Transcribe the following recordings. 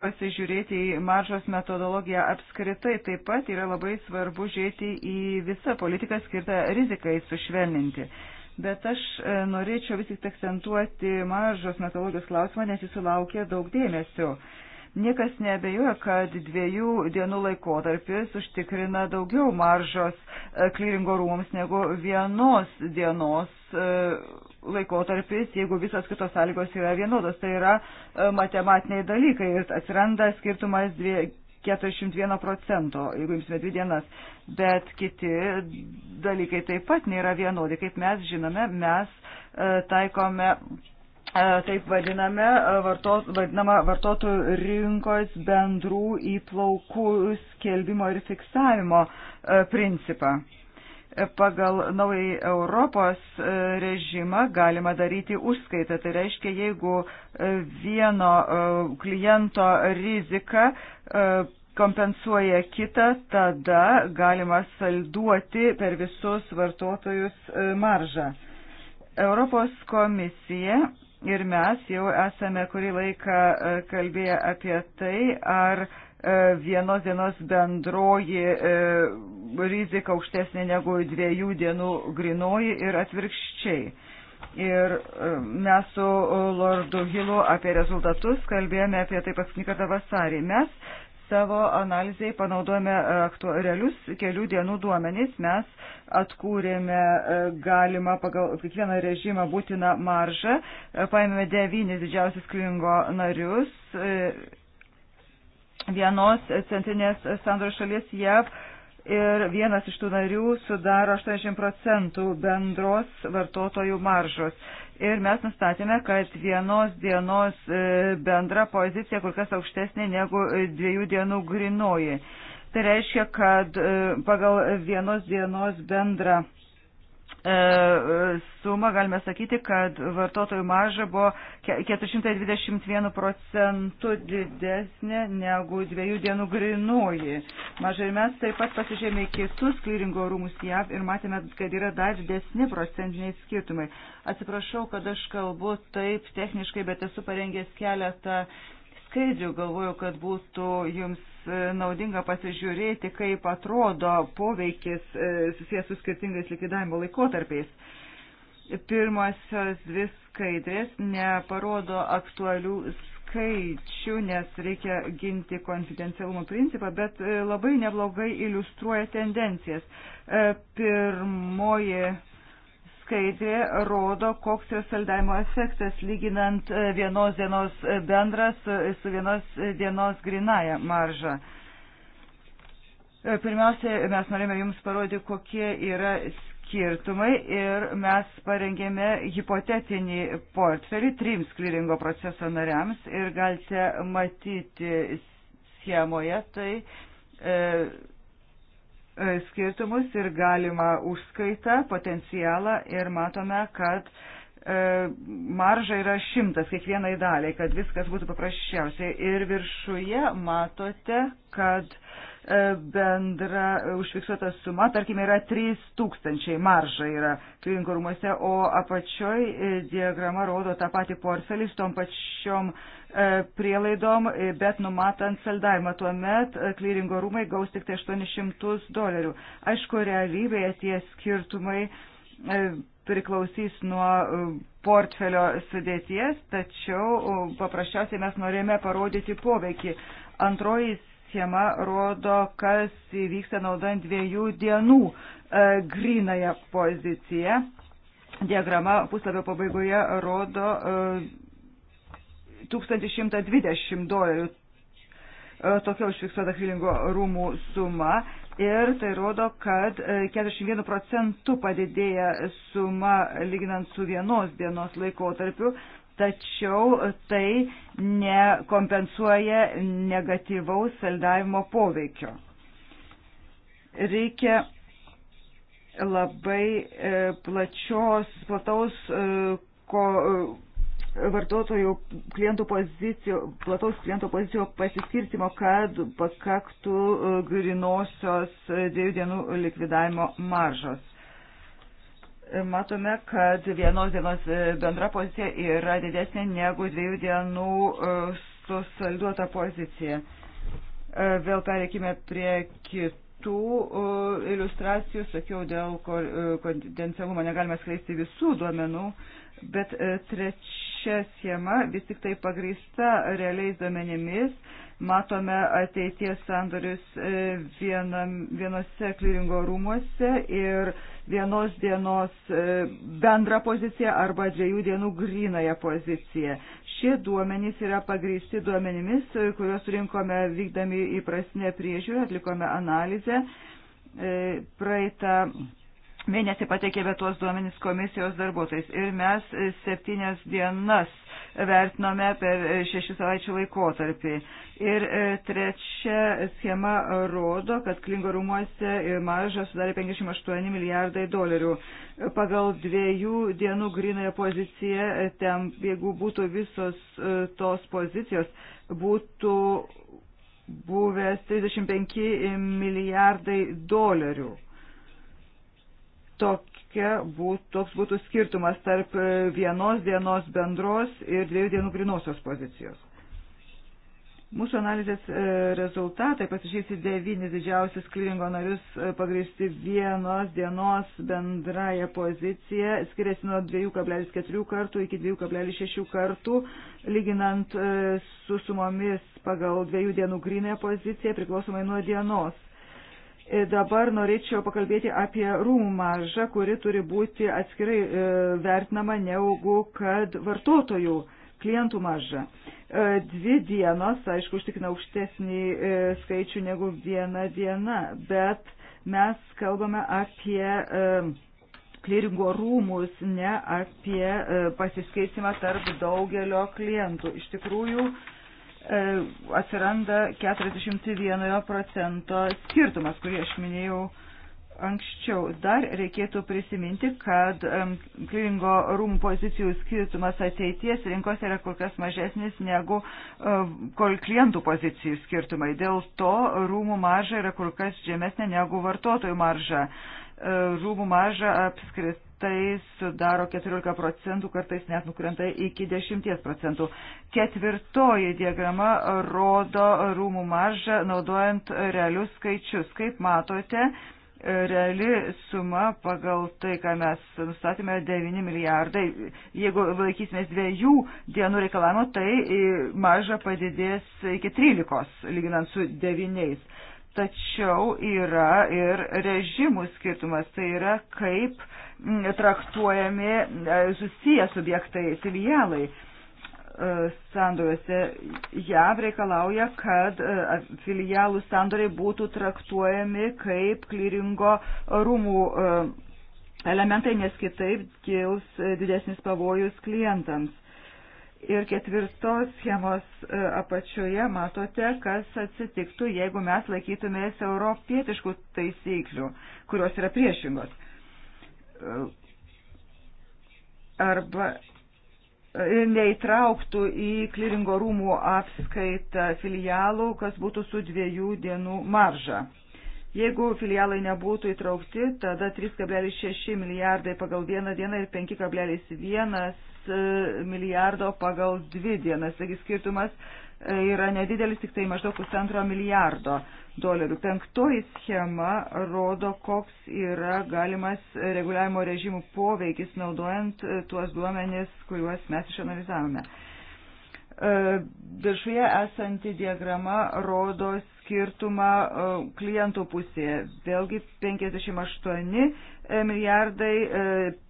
pasižiūrėti į maržos metodologiją apskritai, taip pat yra labai svarbu žiūrėti į visą politiką skirtą rizikai sušvelninti. Bet aš e, norėčiau vis tik akcentuoti maržos metodologijos klausimą, nes jis sulaukė daug dėmesio. Niekas nebejoja, kad dviejų dienų laikotarpis užtikrina daugiau maržos klyringo e, rūmams negu vienos dienos e, laikotarpis, jeigu visos kitos sąlygos yra vienodos. Tai yra e, matematiniai dalykai ir atsiranda skirtumas dvie, 41 procento, jeigu imsime dvi dienas. Bet kiti dalykai taip pat nėra vienodi. Kaip mes žinome, mes taikome taip vadiname, vartot, vadinama vartotojų rinkos bendrų įplaukų skelbimo ir fiksavimo principą. E, pagal naują Europos režimą galima daryti užskaitą. Tai reiškia, jeigu vieno kliento rizika kompensuoja kitą, tada galima salduoti per visus vartotojus maržą. Europos komisija Ir mes jau esame kurį laiką e, kalbėję apie tai, ar e, vienos dienos bendroji e, rizika aukštesnė negu dviejų dienų grinoji ir atvirkščiai. Ir mes su Lordu Hilu apie rezultatus kalbėjome apie tai paskutinį kartą vasarį. Mes savo analizai panaudojame e, realius kelių dienų duomenys. Mes atkūrėme e, galima pagal kiekvieną režimą būtiną maržą, e, paėmėme devynis didžiausius klingo narius vienos centrinės sandoros šalies JAV ir vienas iš tų narių sudaro 80 procentų bendros vartotojų maržos. Ir mes nustatėme, kad vienos dienos e, bendra pozicija kur kas aukštesnė negu e, dviejų dienų grinoji. Tai reiškia, kad e, pagal vienos dienos bendrą E, sumą, galime sakyti, kad vartotojų marža buvo 421 procentų didesnė negu dviejų dienų grinuoji. Mažai mes taip pat pasižėmė kitus klyringo rūmus JAV ir matėme, kad yra dar didesni procentiniai skirtumai. Atsiprašau, kad aš kalbu taip techniškai, bet esu parengęs keletą skaidrių, galvoju, kad būtų jums e, naudinga pasižiūrėti, kaip atrodo poveikis e, susijęs su skirtingais likidavimo laikotarpiais. Pirmosios dvi skaidrės neparodo aktualių skaičių, nes reikia ginti konfidencialumo principą, bet e, labai neblogai iliustruoja tendencijas. Pirmoji skaidrė rodo, koks yra saldavimo efektas, lyginant e, vienos dienos e, bendrą su, e, su vienos dienos grinaja marža. Pirmiausia, mes norime Jums parodyti, kokie yra skirtumai ir mes parengėme hipotetinį portfelį trims kliringo proceso nariams ir galite matyti schemoje, tai e, E, skirtumus ir galima užskaitą, potencialą ir matome, kad e, marža yra šimtas kiekvienai daliai, kad viskas būtų paprasčiausiai. Ir viršuje matote, kad e, bendra užfiksuota suma, tarkime, yra 3000 marža yra klinikų rūmose, o apačioj diagrama rodo tą patį portfelį su tom pačiom uh, E, prielaidom, e, bet numatant saldavimą. Tuomet e, klyringo rūmai gaus tik tai 800 dolerių. Aišku, realybėje tie skirtumai priklausys nuo portfelio sudėties, tačiau paprasčiausiai mes norėjome parodyti poveikį. Antroji schema rodo, kas įvyksta naudant dviejų dienų e, grinąją poziciją. Diagrama puslapio pabaigoje rodo e, 1120 dolerių. E, tokia užfiksuota Kvilingo rūmų suma ir tai rodo, kad 41 e, procentų padidėja suma lyginant su vienos dienos laikotarpiu, tačiau tai nekompensuoja negatyvaus saldavimo poveikio. Reikia labai e, plačios, plataus ko, vartotojų klientų pozicijų, plataus klientų pozicijų pasiskirtimo, kad pakaktų e, grinosios e, dviejų dienų likvidavimo maržos. E, matome, kad vienos dienos bendra pozicija yra didesnė negu dviejų dienų susalduota pozicija. Vėl pereikime prie kitų kitų iliustracijų, sakiau, dėl konfidencialumo negalime skleisti visų duomenų, bet treč, šia schema vis tik tai pagrįsta realiais duomenimis. Matome ateities sandorius e, vienam, vienose kliringo rūmuose ir vienos dienos e, bendrą poziciją arba dviejų dienų grinąją poziciją. Šie duomenys yra pagrįsti duomenimis, e, kuriuos surinkome vykdami įprasnę priežiūrą, atlikome analizę. Praeitą mėnesį pateikėme tuos duomenys komisijos darbuotojais ir mes septynias dienas vertinome per šešių savaičių laikotarpį. Ir e, trečia schema rodo, kad klingo rūmuose marža sudarė 58 milijardai dolerių. Pagal dviejų dienų grinąją poziciją, ten, jeigu būtų visos e, tos pozicijos, būtų buvęs 35 milijardai dolerių tokia būtų, toks būtų skirtumas tarp e, vienos dienos bendros ir dviejų dienų grinosios pozicijos. Mūsų analizės e, rezultatai pasižysi devynis didžiausius kliringo narius e, pagrįsti vienos dienos bendraja pozicija, skiriasi nuo 2,4 kartų iki 2,6 kartų, lyginant su sumomis pagal dviejų dienų grinąją poziciją priklausomai nuo dienos. Dabar norėčiau pakalbėti apie rūmų maržą, kuri turi būti atskirai e, vertinama negu kad vartotojų klientų marža. E, dvi dienos, aišku, užtikina aukštesnį e, skaičių negu viena diena, bet mes kalbame apie kliringo rūmus, ne apie pasiskaitimą tarp daugelio klientų. Iš tikrųjų, E, atsiranda 41 procento skirtumas, kurį aš minėjau anksčiau. Dar reikėtų prisiminti, kad kliringo rūmų pozicijų skirtumas ateities rinkos yra kur kas mažesnis negu e, kol klientų pozicijų skirtumai. Dėl to rūmų marža yra kur kas žemesnė negu vartotojų marža. E, rūmų marža apskritai kartais sudaro 14 procentų, kartais net nukrenta iki 10 procentų. Ketvirtoji diagrama rodo rūmų maržą naudojant realius skaičius. Kaip matote, reali suma pagal tai, ką mes nustatėme, 9 milijardai. Jeigu laikysimės dviejų dienų reikalavimo, tai marža padidės iki 13, lyginant su 9. Tačiau yra ir režimų skirtumas, tai yra kaip mm, traktuojami e, susiję subjektai, filialai e, sandoriuose. JAV reikalauja, kad e, filialų sandoriai būtų traktuojami kaip klyringo rūmų elementai, nes kitaip kils didesnis pavojus klientams. Ir ketvirtos schemos e, apačioje matote, kas atsitiktų, jeigu mes laikytumės europietiškų taisyklių, kurios yra priešingos. E, arba e, neįtrauktų į kliringo rūmų apskaitą filialų, kas būtų su dviejų dienų marža. Jeigu filialai nebūtų įtraukti, tada 3,6 milijardai pagal vieną dieną ir 5,1 milijardo pagal dvi dienas. Taigi skirtumas e, yra nedidelis, tik tai maždaug pusantro milijardo dolerių. Penktoji schema rodo, koks yra galimas reguliavimo režimų poveikis naudojant e, tuos duomenis, kuriuos mes išanalizavome. E, viršuje esanti diagrama rodo skirtumą e, klientų pusėje. Vėlgi 58 e, milijardai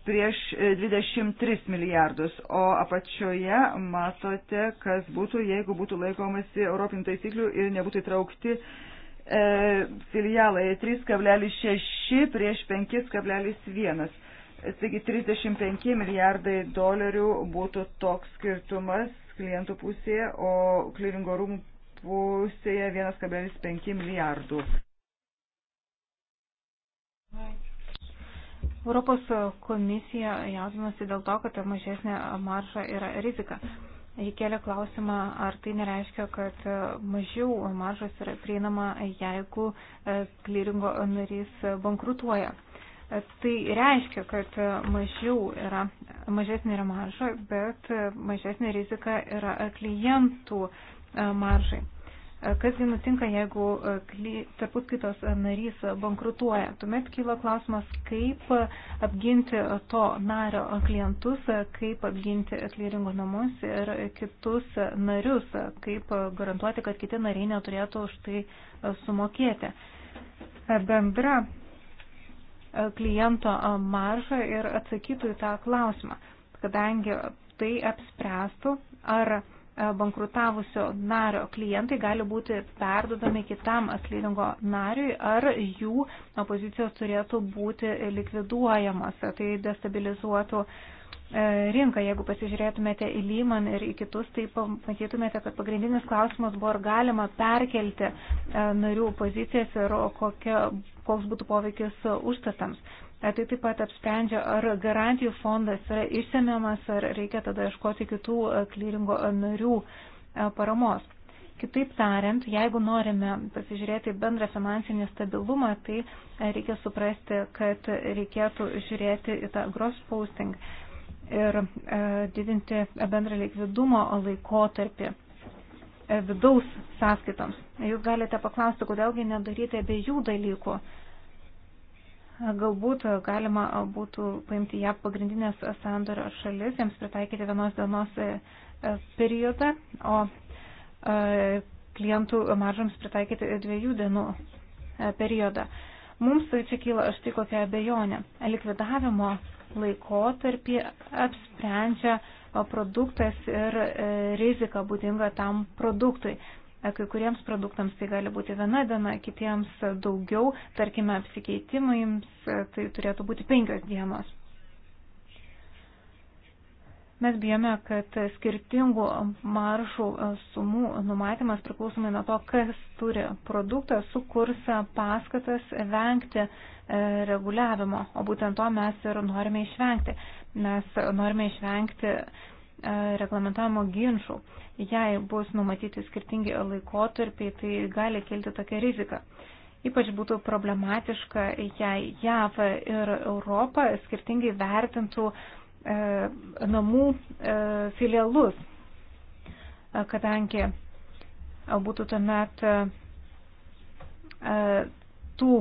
prieš 23 milijardus, o apačioje matote, kas būtų, jeigu būtų laikomasi Europinių taisyklių ir nebūtų įtraukti filialai 3,6 prieš 5,1. Taigi 35 milijardai dolerių būtų toks skirtumas klientų pusėje, o kliringo rūmų pusėje 1,5 milijardų. Europos komisija jaudinasi dėl to, kad mažesnė marža yra rizika. Jie kelia klausimą, ar tai nereiškia, kad mažiau maržas yra prieinama, jeigu kliringo e, narys bankrutuoja. Tai reiškia, kad mažiau yra, mažesnė yra marža, bet mažesnė rizika yra klientų e, maržai. E, kasgi nutinka, jeigu e, tarpuskaitos narys bankrutuoja? Tuomet kyla klausimas, kaip apginti to nario klientus, kaip apginti klyringo namus ir kitus narius, kaip garantuoti, kad kiti nariai neturėtų už tai sumokėti. Bendra E, kliento e, maržą ir atsakytų į tą klausimą, kadangi tai apspręstų, ar e, bankrutavusio nario klientai gali būti perdodami kitam atlygingo nariui, ar jų pozicijos turėtų būti likviduojamas. Tai destabilizuotų uh, E, rinką. Jeigu pasižiūrėtumėte į Lyman ir į kitus, tai pamatytumėte, kad pagrindinis klausimas buvo, ar galima perkelti e, narių pozicijas ir kokia, koks būtų poveikis užstatams. E, tai taip pat apsprendžia, ar garantijų fondas yra išsemiamas, ar reikia tada iškoti kitų klyringo narių paramos. Kitaip tariant, jeigu norime pasižiūrėti bendrą finansinį stabilumą, tai reikia suprasti, kad reikėtų žiūrėti į tą gross posting ir e, didinti bendrą likvidumo laikotarpį e, vidaus sąskaitoms. Jūs galite paklausti, kodėlgi nedaryti abiejų dalykų. Galbūt galima būtų paimti ją pagrindinės sandorio šalis, jiems pritaikyti vienos dienos e, periodą, o klientų maržams pritaikyti dviejų dienų periodą. Mums čia kyla štai kokia abejonė. Likvidavimo laikotarpį apsprendžia produktas ir e, rizika būdinga tam produktui. E, kai kuriems produktams tai gali būti viena diena, kitiems daugiau, tarkime, apsikeitimams e, tai turėtų būti penkios dienos. Mes bijome, kad skirtingų maržų e, sumų numatymas priklausomai nuo to, kas turi produktą, sukurs paskatas vengti e, reguliavimo, o būtent to mes ir norime išvengti. Mes norime išvengti e, reglamentavimo ginčių. Jei bus numatyti skirtingi laikotarpiai, tai gali kilti tokia rizika. Ypač būtų problematiška, jei JAV ir Europa skirtingai vertintų uh, E, namų e, filialus, e, kadangi būtų tuomet tų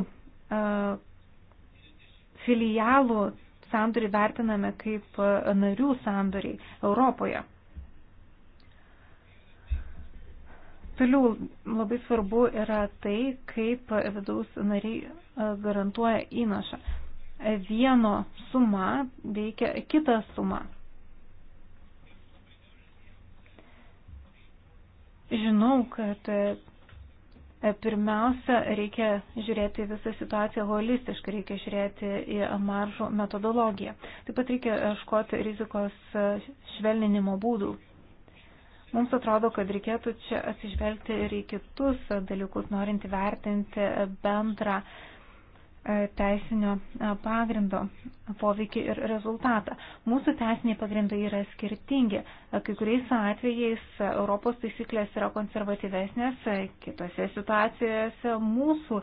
filialų sandorį vertiname kaip narių sandorį Europoje. Toliau labai svarbu yra tai, kaip vidaus nariai garantuoja įnašą vieno suma veikia kita suma. Žinau, kad e, pirmiausia reikia žiūrėti visą situaciją holistiškai, reikia žiūrėti į maržų metodologiją. Taip pat reikia ieškoti rizikos e, švelninimo būdų. Mums atrodo, kad reikėtų čia atsižvelgti ir į kitus dalykus, norint vertinti bendrą uh, E, teisinio e, pagrindo poveikį ir rezultatą. Mūsų teisiniai pagrindai yra skirtingi. E, kai kuriais atvejais Europos taisyklės yra konservatyvesnės, kitose situacijose mūsų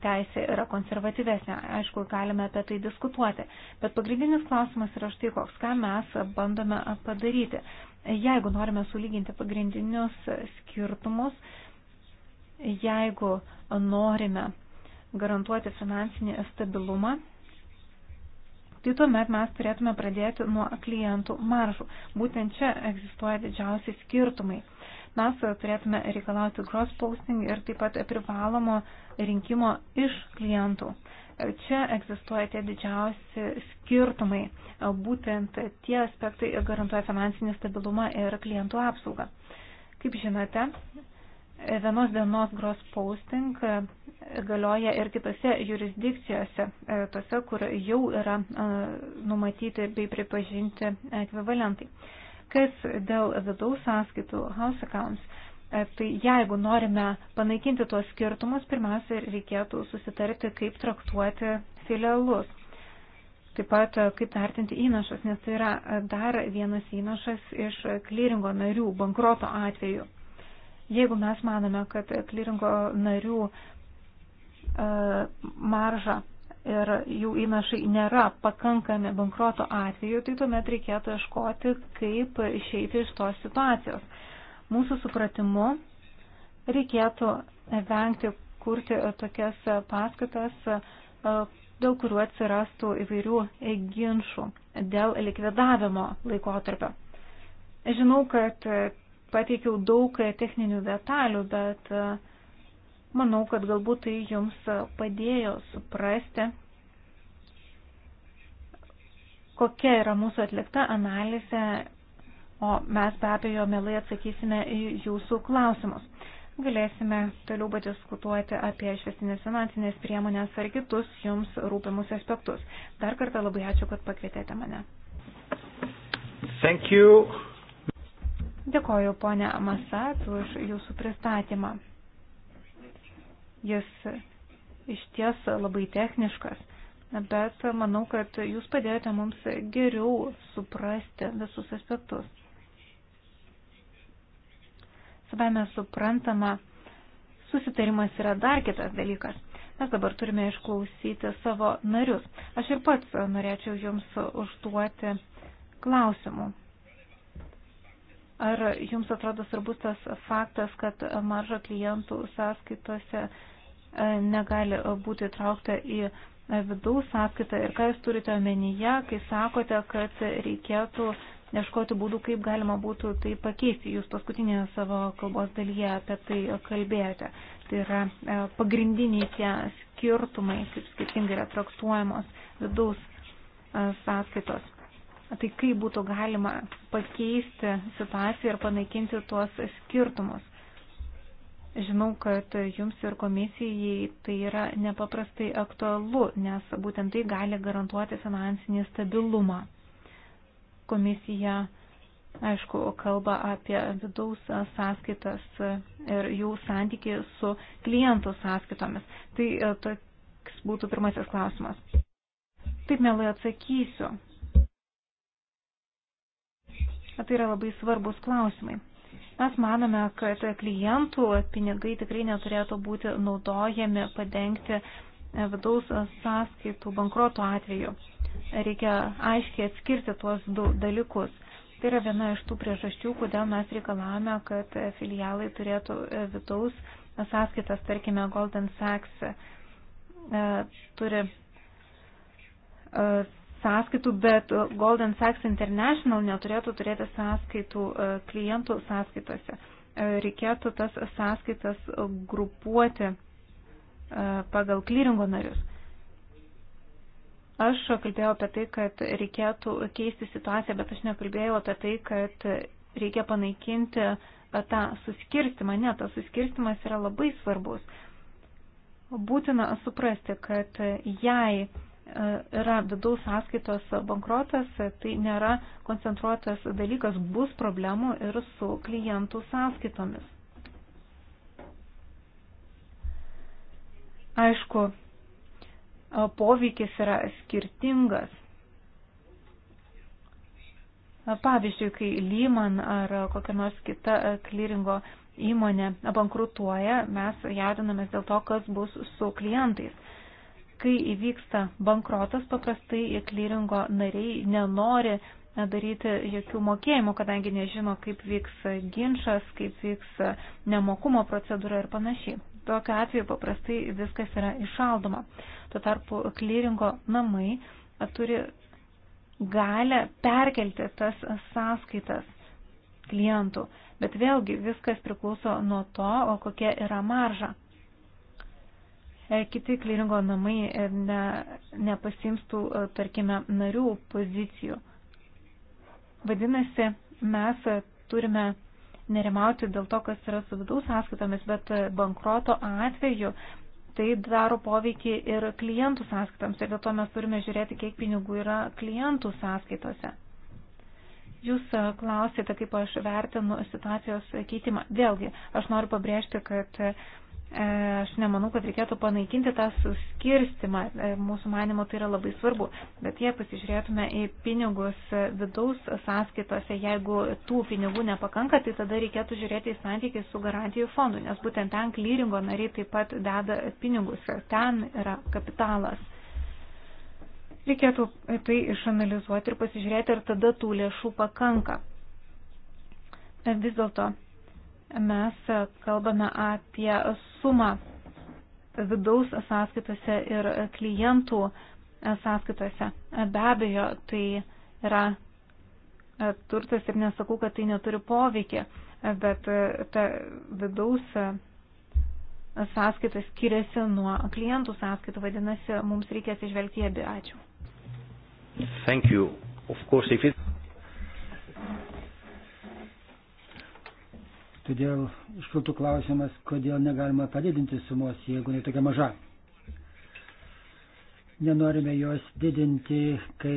teisė yra konservatyvesnė. Aišku, galime apie tai diskutuoti. Bet pagrindinis klausimas yra štai koks, ką mes bandome padaryti. Jeigu norime sulyginti pagrindinius skirtumus, jeigu norime garantuoti finansinį stabilumą, tai tuomet mes turėtume pradėti nuo klientų maržų. Būtent čia egzistuoja didžiausiai skirtumai. Mes turėtume reikalauti gross posting ir taip pat privalomo rinkimo iš klientų. Čia egzistuoja tie didžiausi skirtumai. Būtent tie aspektai garantuoja finansinį stabilumą ir klientų apsaugą. Kaip žinote, vienos dienos gross posting galioja ir kitose jurisdikcijose, e, tose, kur jau yra e, numatyti bei pripažinti ekvivalentai. Kas dėl vidaus sąskaitų house accounts, e, tai jeigu norime panaikinti tuos skirtumus, pirmiausia, reikėtų susitarti, kaip traktuoti filialus. Taip pat kaip vertinti įnašas, nes tai yra dar vienas įnašas iš klyringo narių bankroto atveju. Jeigu mes manome, kad kliringo narių e, marža ir jų įnašai nėra pakankami bankroto atveju, tai tuomet reikėtų ieškoti, kaip išeiti iš tos situacijos. Mūsų supratimu reikėtų vengti kurti tokias paskatas, e, dėl kurių atsirastų įvairių ginčių dėl likvidavimo laikotarpio. Žinau, kad pateikiau daug e, techninių detalių, bet e, manau, kad galbūt tai jums padėjo suprasti, kokia yra mūsų atlikta analizė, o mes be abejo mielai atsakysime į jūsų klausimus. Galėsime toliau padiskutuoti apie išvestinės finansinės priemonės ar kitus jums rūpimus aspektus. Dar kartą labai ačiū, kad pakvietėte mane. Thank you. Dėkoju, ponė Masat, už jūsų pristatymą. Jis iš ties labai techniškas, bet manau, kad jūs padėjote mums geriau suprasti visus aspektus. Savame suprantama, susitarimas yra dar kitas dalykas. Mes dabar turime išklausyti savo narius. Aš ir pats norėčiau jums užduoti klausimų. Ar jums atrodo svarbus tas faktas, kad marža klientų sąskaitose e, negali būti traukta į vidaus sąskaitą ir ką jūs turite omenyje, kai sakote, kad reikėtų ieškoti būdų, kaip galima būtų tai pakeisti. Jūs paskutinėje savo kalbos dalyje apie tai kalbėjote. Tai yra e, pagrindiniai tie skirtumai, kaip skirtingai yra traktuojamos vidaus e, sąskaitos tai kaip būtų galima pakeisti situaciją ir panaikinti tuos skirtumus. Žinau, kad jums ir komisijai tai yra nepaprastai aktualu, nes būtent tai gali garantuoti finansinį stabilumą. Komisija, aišku, kalba apie vidaus sąskaitas ir jų santykį su klientų sąskaitomis. Tai e, toks būtų pirmasis klausimas. Taip mielai atsakysiu. Tai yra labai svarbus klausimai. Mes manome, kad klientų pinigai tikrai neturėtų būti naudojami padengti e, vidaus sąskaitų bankruoto atveju. Reikia aiškiai atskirti tuos du dalykus. Tai yra viena iš tų priežasčių, kodėl mes reikalavome, kad filialai turėtų e, vidaus sąskaitas, tarkime, Golden Sachs e, turi sąskaitų, bet uh, Golden Sachs International neturėtų turėti sąskaitų uh, klientų sąskaitose. Uh, reikėtų tas sąskaitas grupuoti pagal klyringo narius. Aš kalbėjau apie tai, kad reikėtų keisti situaciją, bet aš nekalbėjau apie tai, kad reikia panaikinti tą suskirstimą. Ne, tas suskirstimas yra labai svarbus. Būtina suprasti, kad jei yra vidaus sąskaitos bankrotas, tai nėra koncentruotas dalykas, bus problemų ir su klientų sąskaitomis. Aišku, poveikis yra skirtingas. Pavyzdžiui, kai Lyman ar kokia nors kita klyringo įmonė bankrutuoja, mes jaudinamės dėl to, kas bus su klientais kai įvyksta bankrotas, paprastai klyringo nariai nenori e, daryti jokių mokėjimų, kadangi nežino, kaip vyks e, ginčas, kaip vyks e, nemokumo procedūra ir panašiai. Tokiu atveju paprastai viskas yra išaldoma. Tuo tarpu klyringo namai turi galę perkelti tas sąskaitas klientų, bet vėlgi viskas priklauso nuo to, kokia yra marža. E, kiti klyringo namai e, ne, nepasimstų, e, tarkime, narių pozicijų. Vadinasi, mes turime nerimauti dėl to, kas yra su vidaus sąskaitomis, bet bankroto atveju tai daro poveikį ir klientų sąskaitams ir dėl to mes turime žiūrėti, kiek pinigų yra klientų sąskaitose. Jūs klausėte, kaip aš vertinu situacijos keitimą. Vėlgi, aš noriu pabrėžti, kad E, aš nemanau, kad reikėtų panaikinti tą suskirstimą. E, mūsų manimo tai yra labai svarbu. Bet jei pasižiūrėtume į pinigus vidaus sąskaitose, jeigu tų pinigų nepakanka, tai tada reikėtų žiūrėti į santykiai su garantijų fondu, nes būtent ten klyringo nariai taip pat deda pinigus. Ten yra kapitalas. Reikėtų tai išanalizuoti ir pasižiūrėti, ar tada tų lėšų pakanka. E, vis dėlto mes kalbame apie sumą vidaus sąskaitose ir klientų sąskaitose. Be abejo, tai yra turtas ir nesakau, kad tai neturi poveikį, bet ta vidaus sąskaita skiriasi nuo klientų sąskaitų, vadinasi, mums reikės išvelgti abi. Ačiū. Thank you. Of course, if it... Todėl iškiltų klausimas, kodėl negalima padidinti sumos, jeigu jinai tokia maža. Nenorime jos didinti, kai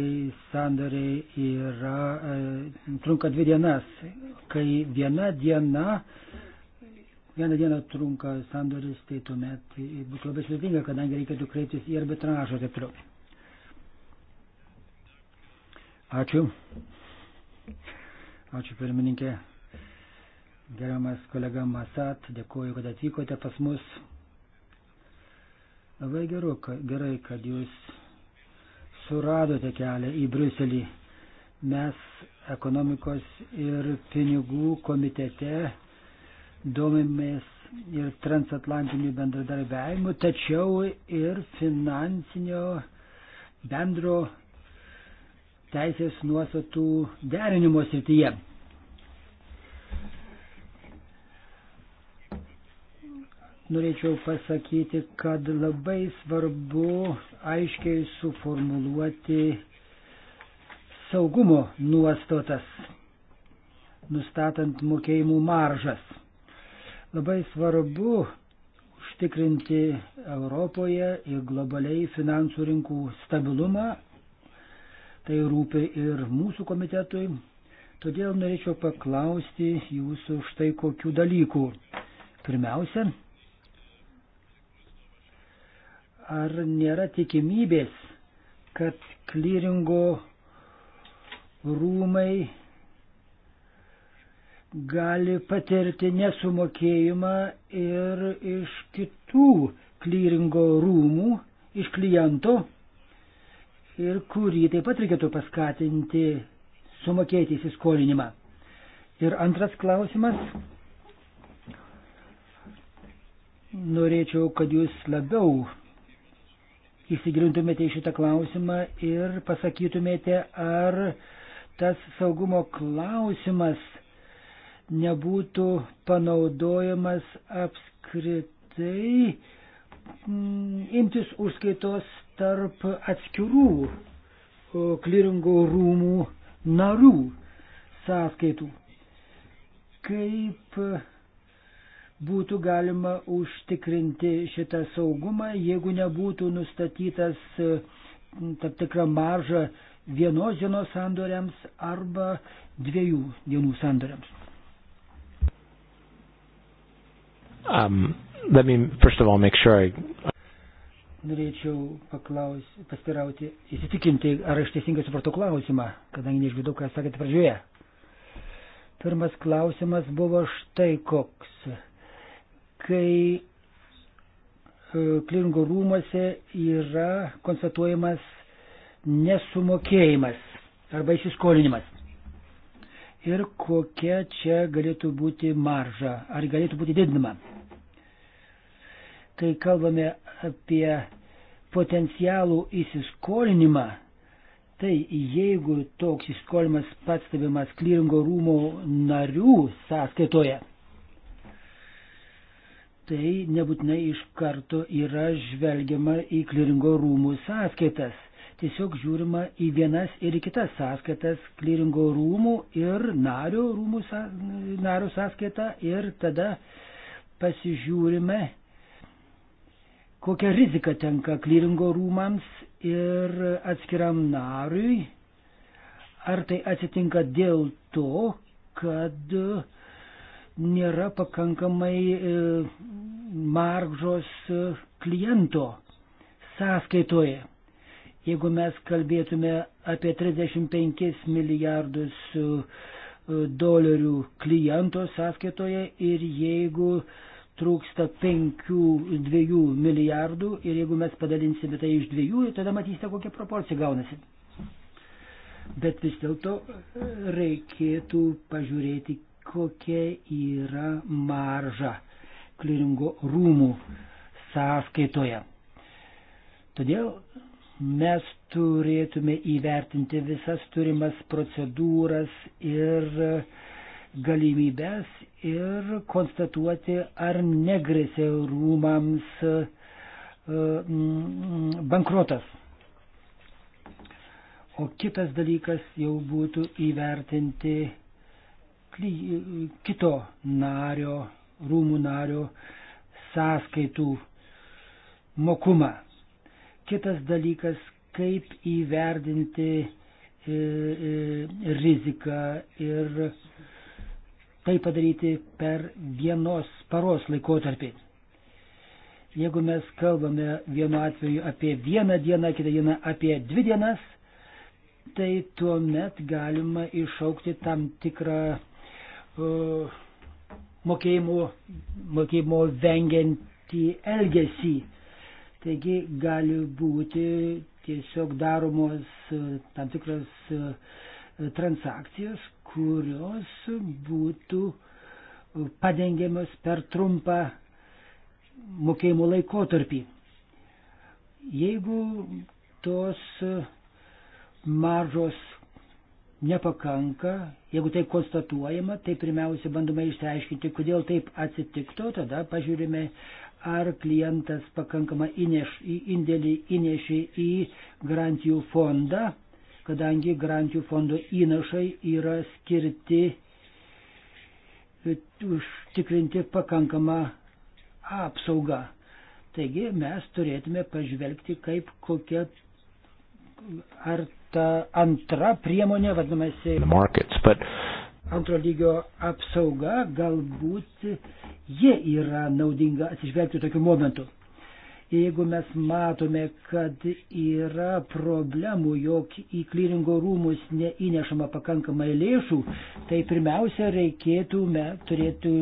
sandoriai yra, e, trunka dvi dienas. Kai viena diena, vieną dieną trunka sandoris, tai tuomet būtų labai sudėtinga, kadangi reikėtų kreiptis į arbitražą ir taip toliau. Ačiū. Ačiū pirmininkė. Geriamas kolega Masat, dėkuoju, kad atvykote pas mus. Labai geru, gerai, kad jūs suradote kelią į Bruselį. Mes ekonomikos ir pinigų komitete domimės ir transatlantinių bendradarbiavimų, tačiau ir finansinio bendro teisės nuostatų derinimo srityje. norėčiau pasakyti, kad labai svarbu aiškiai suformuluoti saugumo nuostatas, nustatant mokėjimų maržas. Labai svarbu užtikrinti Europoje ir globaliai finansų rinkų stabilumą. Tai rūpi ir mūsų komitetui. Todėl norėčiau paklausti jūsų štai kokių dalykų. Pirmiausia, ar nėra tikimybės, kad klyringo rūmai gali patirti nesumokėjimą ir iš kitų klyringo rūmų, iš kliento, ir kurį taip pat reikėtų paskatinti sumokėti įsiskolinimą. Ir antras klausimas. Norėčiau, kad jūs labiau įsigilintumėte į šitą klausimą ir pasakytumėte, ar tas saugumo klausimas nebūtų panaudojamas apskritai mm, imtis užskaitos tarp atskirų kliringo rūmų narių sąskaitų. Kaip būtų galima užtikrinti šitą saugumą, jeigu nebūtų nustatytas e, tam tikra marža vienos dienos sandoriams arba dviejų dienų sandoriams. Um, let me first of all make sure I... Norėčiau paklaus, pastirauti, įsitikinti, ar aš teisingai supratau klausimą, kadangi neišgirdau, ką sakėte pradžioje. Pirmas klausimas buvo štai koks kai e, klingo rūmose yra konstatuojamas nesumokėjimas arba įsiskolinimas. Ir kokia čia galėtų būti marža, ar galėtų būti didinama. Kai kalbame apie potencialų įsiskolinimą, tai jeigu toks įskolimas pastebimas klyringo rūmų narių sąskaitoje, tai nebūtinai iš karto yra žvelgiama į kliringo rūmų sąskaitas. Tiesiog žiūrima į vienas ir į kitas sąskaitas kliringo rūmų ir nario rūmų nario sąskaitą ir tada pasižiūrime, kokia rizika tenka kliringo rūmams ir atskiram nariui. Ar tai atsitinka dėl to, kad uh, nėra pakankamai e, maržos e, kliento sąskaitoje. Jeigu mes kalbėtume apie 35 milijardus e, dolerių kliento sąskaitoje ir jeigu trūksta 5-2 milijardų ir jeigu mes padalinsime tai iš dviejų, tada matysite, kokia proporcija gaunasi. Bet vis dėlto reikėtų pažiūrėti, kokia yra marža kliringo rūmų sąskaitoje. Todėl mes turėtume įvertinti visas turimas procedūras ir galimybės ir konstatuoti, ar negresė rūmams e, mm, bankrotas. O kitas dalykas jau būtų įvertinti kito nario, rūmų nario sąskaitų mokumą. Kitas dalykas, kaip įverdinti e, e, riziką ir tai padaryti per vienos paros laikotarpį. Jeigu mes kalbame vienu atveju apie vieną dieną, kitą dieną apie dvi dienas, tai tuomet galima išaukti tam tikrą E, mokėjimo, mokėjimo vengiantį elgesį. Taigi gali būti tiesiog daromos e, tam tikros e, transakcijos, kurios būtų padengiamas per trumpą mokėjimo laikotarpį. Jeigu tos maržos nepakanka, jeigu tai konstatuojama, tai pirmiausia bandome išsiaiškinti, kodėl taip atsitiktų, tada pažiūrime, ar klientas pakankamą įneš, indėlį įnešė į garantijų fondą, kadangi garantijų fondo įnašai yra skirti e, užtikrinti pakankamą apsaugą. Taigi mes turėtume pažvelgti, kaip kokia, ar ta antra priemonė, vadinamasi, markets, but... antro lygio apsauga, galbūt ji yra naudinga atsižvelgti tokiu momentu. Jeigu mes matome, kad yra problemų, jog į klyringo rūmus neįnešama pakankamai lėšų, tai pirmiausia reikėtų, mes turėtų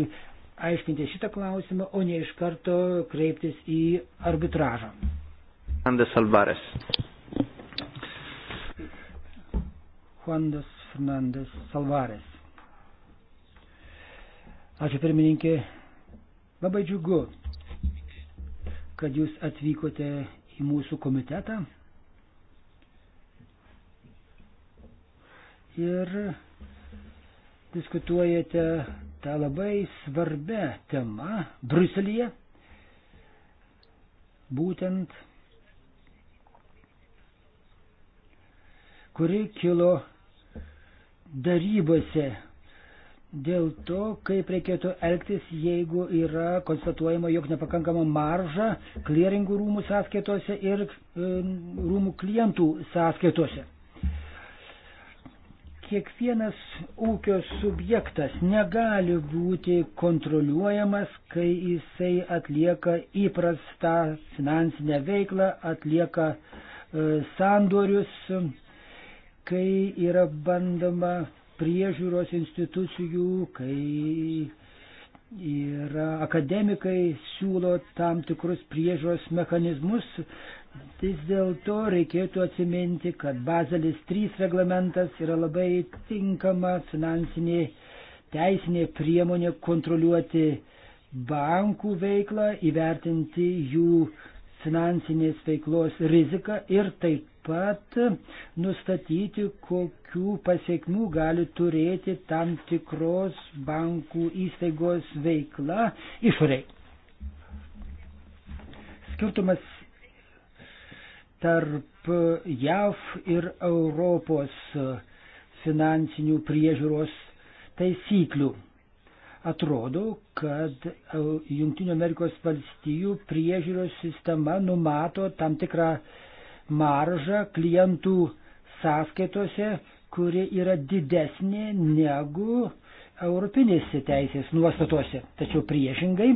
aiškinti šitą klausimą, o ne iš karto kreiptis į arbitražą. Andes Alvarez. Juanas Fernandes Salvarės. Ačiū pirmininkė, labai džiugu, kad jūs atvykote į mūsų komitetą. Ir diskutuojate tą labai svarbę temą Bruselėje, būtent kuri kilo darybose dėl to, kaip reikėtų elgtis, jeigu yra konstatuojama, jog nepakankama marža klieringų rūmų sąskaitose ir e, rūmų klientų sąskaitose. Kiekvienas ūkio subjektas negali būti kontroliuojamas, kai jisai atlieka įprastą finansinę veiklą, atlieka e, sandorius, kai yra bandoma priežiūros institucijų, kai yra akademikai siūlo tam tikrus priežiūros mechanizmus, vis dėlto reikėtų atsiminti, kad Bazelis 3 reglamentas yra labai tinkama finansinė teisinė priemonė kontroliuoti bankų veiklą, įvertinti jų finansinės veiklos riziką ir taip pat nustatyti, kokių pasiekmių gali turėti tam tikros bankų įstaigos veikla išoriai. Skirtumas tarp JAV ir Europos finansinių priežiūros taisyklių. Atrodo, kad Junktinio Amerikos valstijų priežiūros sistema numato tam tikrą maržą klientų sąskaitose, kuri yra didesnė negu europinėse teisės nuostatose. Tačiau priešingai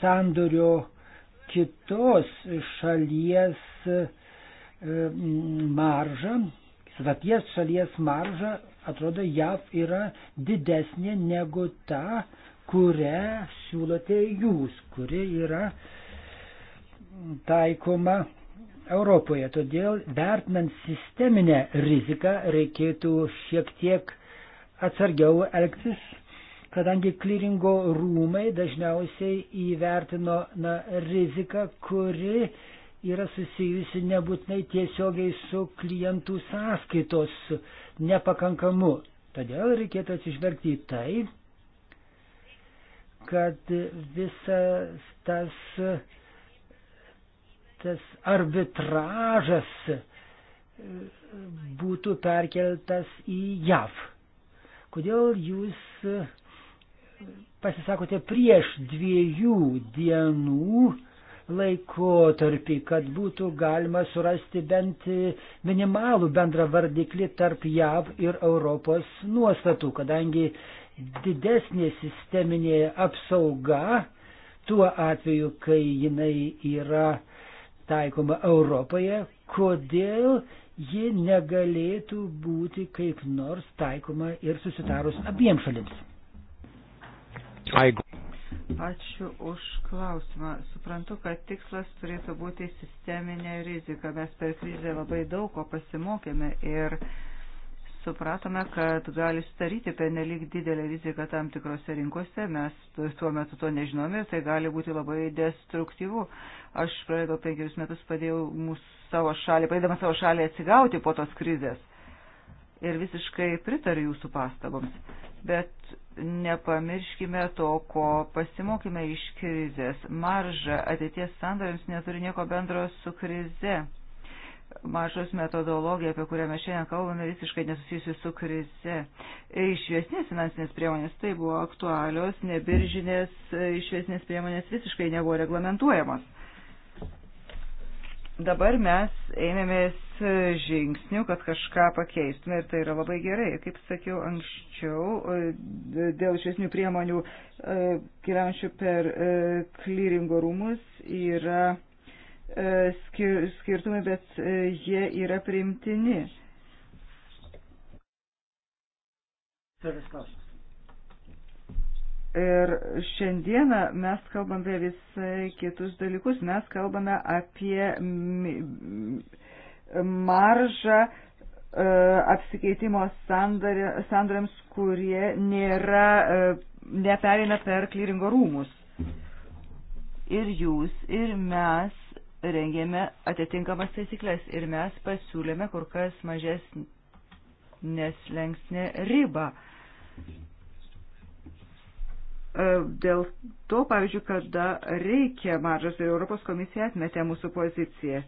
sandorio kitos šalies e, marža, svaties šalies marža, atrodo, JAV yra didesnė negu ta, kurią siūlote jūs, kuri yra taikoma Europoje. Todėl vertinant sisteminę riziką reikėtų šiek tiek atsargiau elgtis, kadangi klyringo rūmai dažniausiai įvertino na, riziką, kuri yra susijusi nebūtinai tiesiogiai su klientų sąskaitos nepakankamu. Todėl reikėtų atsižvelgti į tai, kad visas tas, tas arbitražas e, būtų perkeltas į JAV. Kodėl jūs e, pasisakote prieš dviejų dienų laikotarpį, kad būtų galima surasti bent minimalų bendrą vardiklį tarp JAV ir Europos nuostatų, kadangi didesnė sisteminė apsauga tuo atveju, kai jinai yra taikoma Europoje, kodėl ji negalėtų būti kaip nors taikoma ir susitarus abiem šalims. Ačiū už klausimą. Suprantu, kad tikslas turėtų būti sisteminė rizika. Mes per krizę labai daug ko pasimokėme ir uh, supratome, kad gali sudaryti penelik didelę riziką tam tikrose rinkose, mes tuo metu to nežinome ir tai gali būti labai destruktyvu. Aš praėjau gal penkerius metus padėjau mūsų savo šalį, padėdama savo šalį atsigauti po tos krizės. Ir visiškai pritariu jūsų pastaboms. Bet nepamirškime to, ko pasimokime iš krizės. Marža ateities sandoriams neturi nieko bendro su krize mažos metodologija, apie kurią mes šiandien kalbame, visiškai nesusijusi su krize. Išviesnės finansinės priemonės tai buvo aktualios, nebiržinės išviesnės priemonės visiškai nebuvo reglamentuojamos. Dabar mes ėmėmės žingsnių, kad kažką pakeistume ir tai yra labai gerai. Kaip sakiau anksčiau, dėl išviesnių priemonių keliaujančių per klyringo e, rūmus yra E, skir skirtumai, bet e, jie yra priimtini. Svarbus klausimas. Ir šiandieną mes kalbam apie visai kitus dalykus. Mes kalbame apie maržą e, apsikeitimo sandariams, kurie nėra, nepereina per klyringo rūmus. Ir jūs, ir mes rengėme atitinkamas taisyklės ir mes pasiūlėme kur kas mažesnės lengsnė ribą. E, dėl to, pavyzdžiui, kada reikia maržas ir Europos komisija atmetė mūsų poziciją.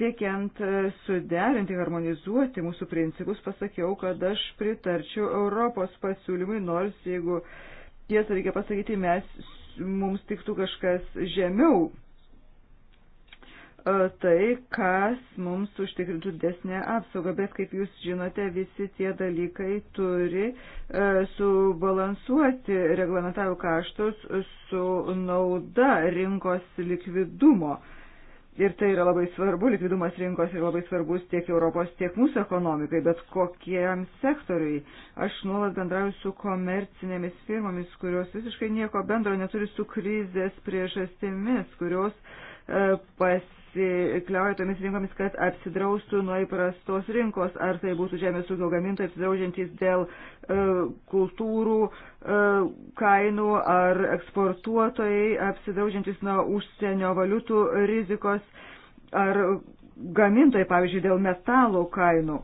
Siekiant e, suderinti, harmonizuoti mūsų principus, pasakiau, kad aš pritarčiau Europos pasiūlymui, nors jeigu tiesą reikia pasakyti, mes, mums tiktų kažkas žemiau E, tai, kas mums užtikrintų desnę apsaugą, bet kaip jūs žinote, visi tie dalykai turi e, subalansuoti reglamentavimo kaštus su nauda rinkos likvidumo. Ir tai yra labai svarbu, likvidumas rinkos yra labai svarbus tiek Europos, tiek mūsų ekonomikai, bet kokiam sektoriui. Aš nuolat bendrauju su komercinėmis firmomis, kurios visiškai nieko bendro neturi su krizės priežastimis, kurios uh, pas pasikliauja tomis rinkomis, kad apsidraustų nuo įprastos rinkos, ar tai būtų žemės ūkio gamintojai apsidraudžiantys dėl e, kultūrų e, kainų, ar eksportuotojai apsidraudžiantys nuo užsienio valiutų rizikos, ar gamintojai, pavyzdžiui, dėl metalų kainų.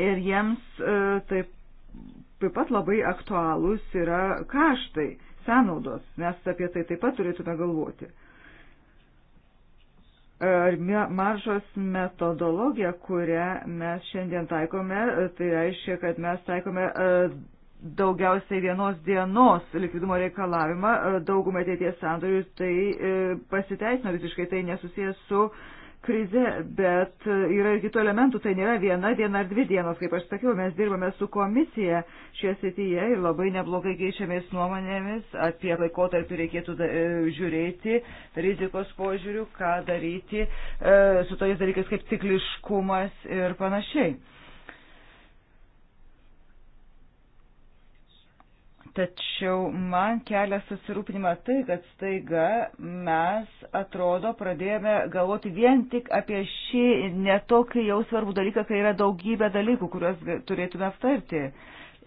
Ir jiems e, taip, taip pat labai aktualūs yra kaštai, sąnaudos. Mes apie tai taip pat turėtume galvoti maržos metodologija, kurią mes šiandien taikome, tai reiškia, kad mes taikome e, daugiausiai vienos dienos likvidumo reikalavimą, e, daugumą ateities sandorių, tai e, pasiteisino visiškai, tai nesusijęs su krize, bet yra ir kitų elementų, tai nėra viena diena ar dvi dienos, kaip aš sakiau, mes dirbame su komisija šioje srityje ir labai neblogai keičiamės nuomonėmis, apie laikotarpį reikėtų da, e, žiūrėti, rizikos požiūrių, ką daryti e, su tokiais dalykais kaip cikliškumas ir panašiai. Tačiau man kelia susirūpinimą tai, kad staiga mes, atrodo, pradėjome galvoti vien tik apie šį netokį jau svarbų dalyką, kai yra daugybė dalykų, kuriuos turėtume aptarti.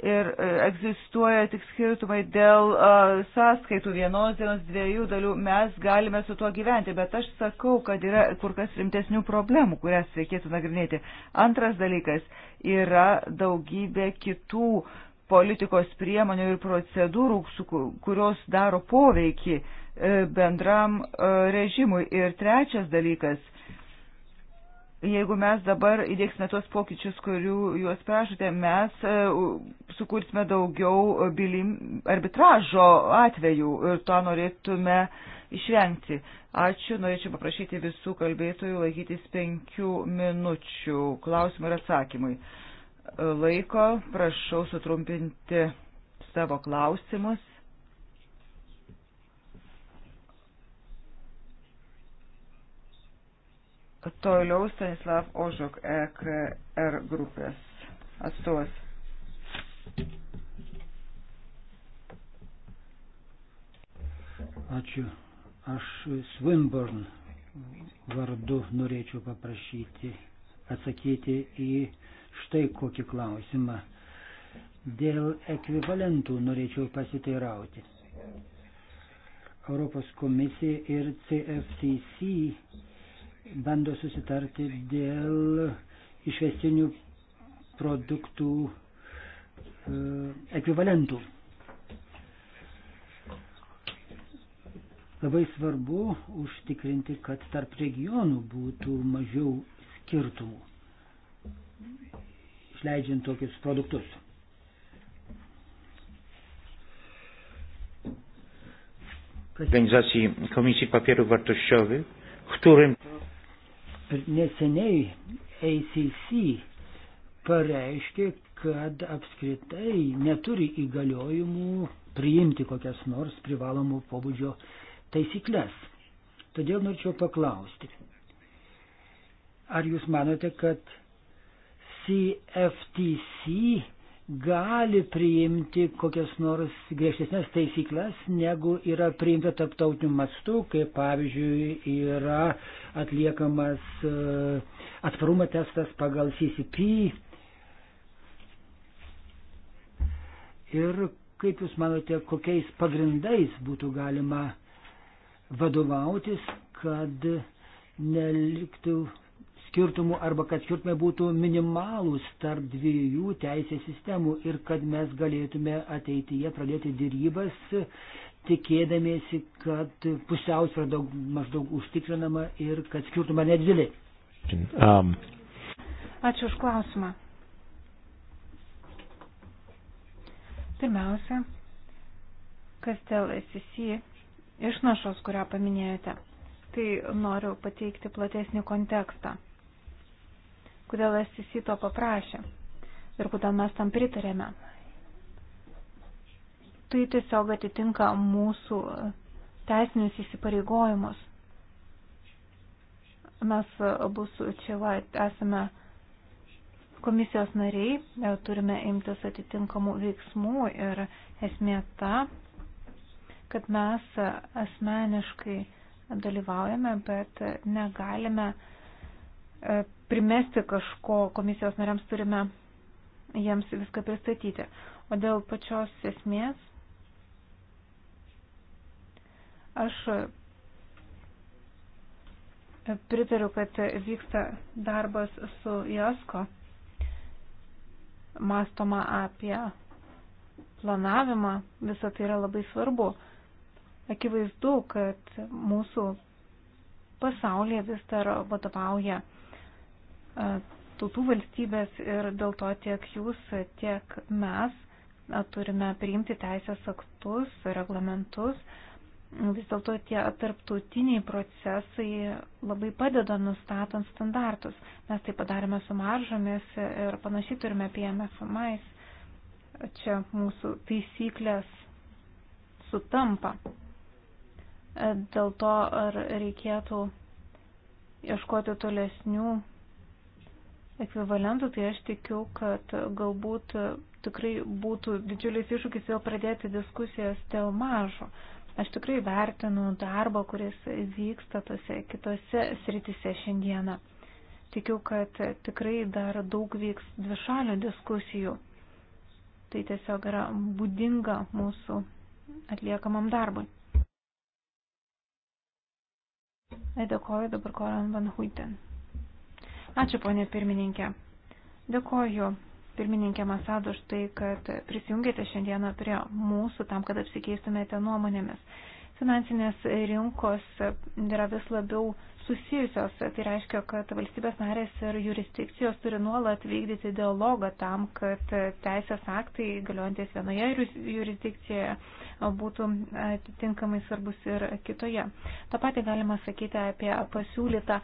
Ir e, egzistuoja tik skirtumai dėl uh, sąskaitų vienos dienos dviejų dalių. Mes galime su tuo gyventi, bet aš sakau, kad yra kur kas rimtesnių problemų, kurias reikėtų nagrinėti. Antras dalykas yra daugybė kitų uh, politikos priemonių ir procedūrų, kurios daro poveikį e, bendram e, režimui. Ir trečias dalykas, jeigu mes dabar įdėksime tuos pokyčius, kurių juos prašote, mes e, sukursime daugiau bilim, arbitražo atvejų ir to norėtume išvengti. Ačiū, norėčiau paprašyti visų kalbėtojų laikytis penkių minučių klausimų ir atsakymui laiko, prašau sutrumpinti savo klausimus. Toliau Stanislav Ožok, EKR grupės atstovas. Ačiū. Aš Swinburne vardu norėčiau paprašyti atsakyti į štai kokį klausimą. Dėl ekvivalentų norėčiau pasiteirauti. Europos komisija ir CFTC bando susitarti dėl išvestinių produktų e, ekvivalentų. Labai svarbu užtikrinti, kad tarp regionų būtų mažiau skirtumų išleidžiant tokius produktus. Organizacji Komisji Papierów Wartościowych, którym... Neseniai ACC pareiškė, kad apskritai neturi įgaliojimų priimti kokias nors privalomų pobūdžio taisyklės. Todėl norėčiau paklausti, ar jūs manote, kad CFTC gali priimti kokias nors griežtesnės taisyklės, negu yra priimta taptautiniu mastu, kaip pavyzdžiui yra atliekamas e, atsparumo testas pagal CCP. Ir kaip Jūs manote, kokiais pagrindais būtų galima vadovautis, kad neliktų skirtumų arba kad skirtumai būtų minimalūs tarp dviejų teisės sistemų ir kad mes galėtume ateityje pradėti dėrybas, tikėdamiesi, kad pusiausvėra maždaug užtikrinama ir kad skirtumai nedideli. Um. Ačiū už klausimą. Pirmiausia, kas dėl SCC išnašos, kurią paminėjote, tai noriu pateikti platesnį kontekstą kodėl SCC to paprašė ir kodėl mes tam pritarėme. Tai tiesiog atitinka mūsų teisinius įsipareigojimus. Mes abu su Čeva esame komisijos nariai, e, turime imtis atitinkamų veiksmų ir esmė ta, kad mes asmeniškai dalyvaujame, bet negalime e, primesti kažko komisijos nariams, turime jiems viską pristatyti. O dėl pačios esmės, aš pritariu, kad vyksta darbas su JASKO, mąstoma apie planavimą, visą tai yra labai svarbu. Akivaizdu, kad mūsų pasaulyje vis dar vadovauja E, tautų valstybės ir dėl to tiek jūs, tiek mes e, turime priimti teisės aktus, reglamentus. Vis dėlto tie tarptautiniai procesai labai padeda nustatant standartus. Mes tai padarėme su maržomis ir panašiai turime PMFMais. Čia mūsų taisyklės sutampa. E, dėl to ar reikėtų ieškoti tolesnių ekvivalentų, tai aš tikiu, kad galbūt tikrai būtų didžiulis iššūkis vėl pradėti diskusijas dėl mažo. Aš tikrai vertinu darbą, kuris vyksta tose kitose sritise šiandieną. Tikiu, kad tikrai dar daug vyks dvišalių diskusijų. Tai tiesiog yra būdinga mūsų atliekamam darbui. Dėkoju dabar Koran Van Huiten. Ačiū, ponė pirmininkė. Dėkoju pirmininkė Masad už tai, kad prisijungėte šiandieną prie mūsų tam, kad apsikeistumėte nuomonėmis. Finansinės rinkos yra vis labiau susijusios. Tai reiškia, kad valstybės narės ir jurisdikcijos turi nuolat vykdyti dialogą tam, kad teisės aktai galiojantis vienoje jurisdikcijoje būtų atitinkamai svarbus ir kitoje. Ta pati galima sakyti apie pasiūlytą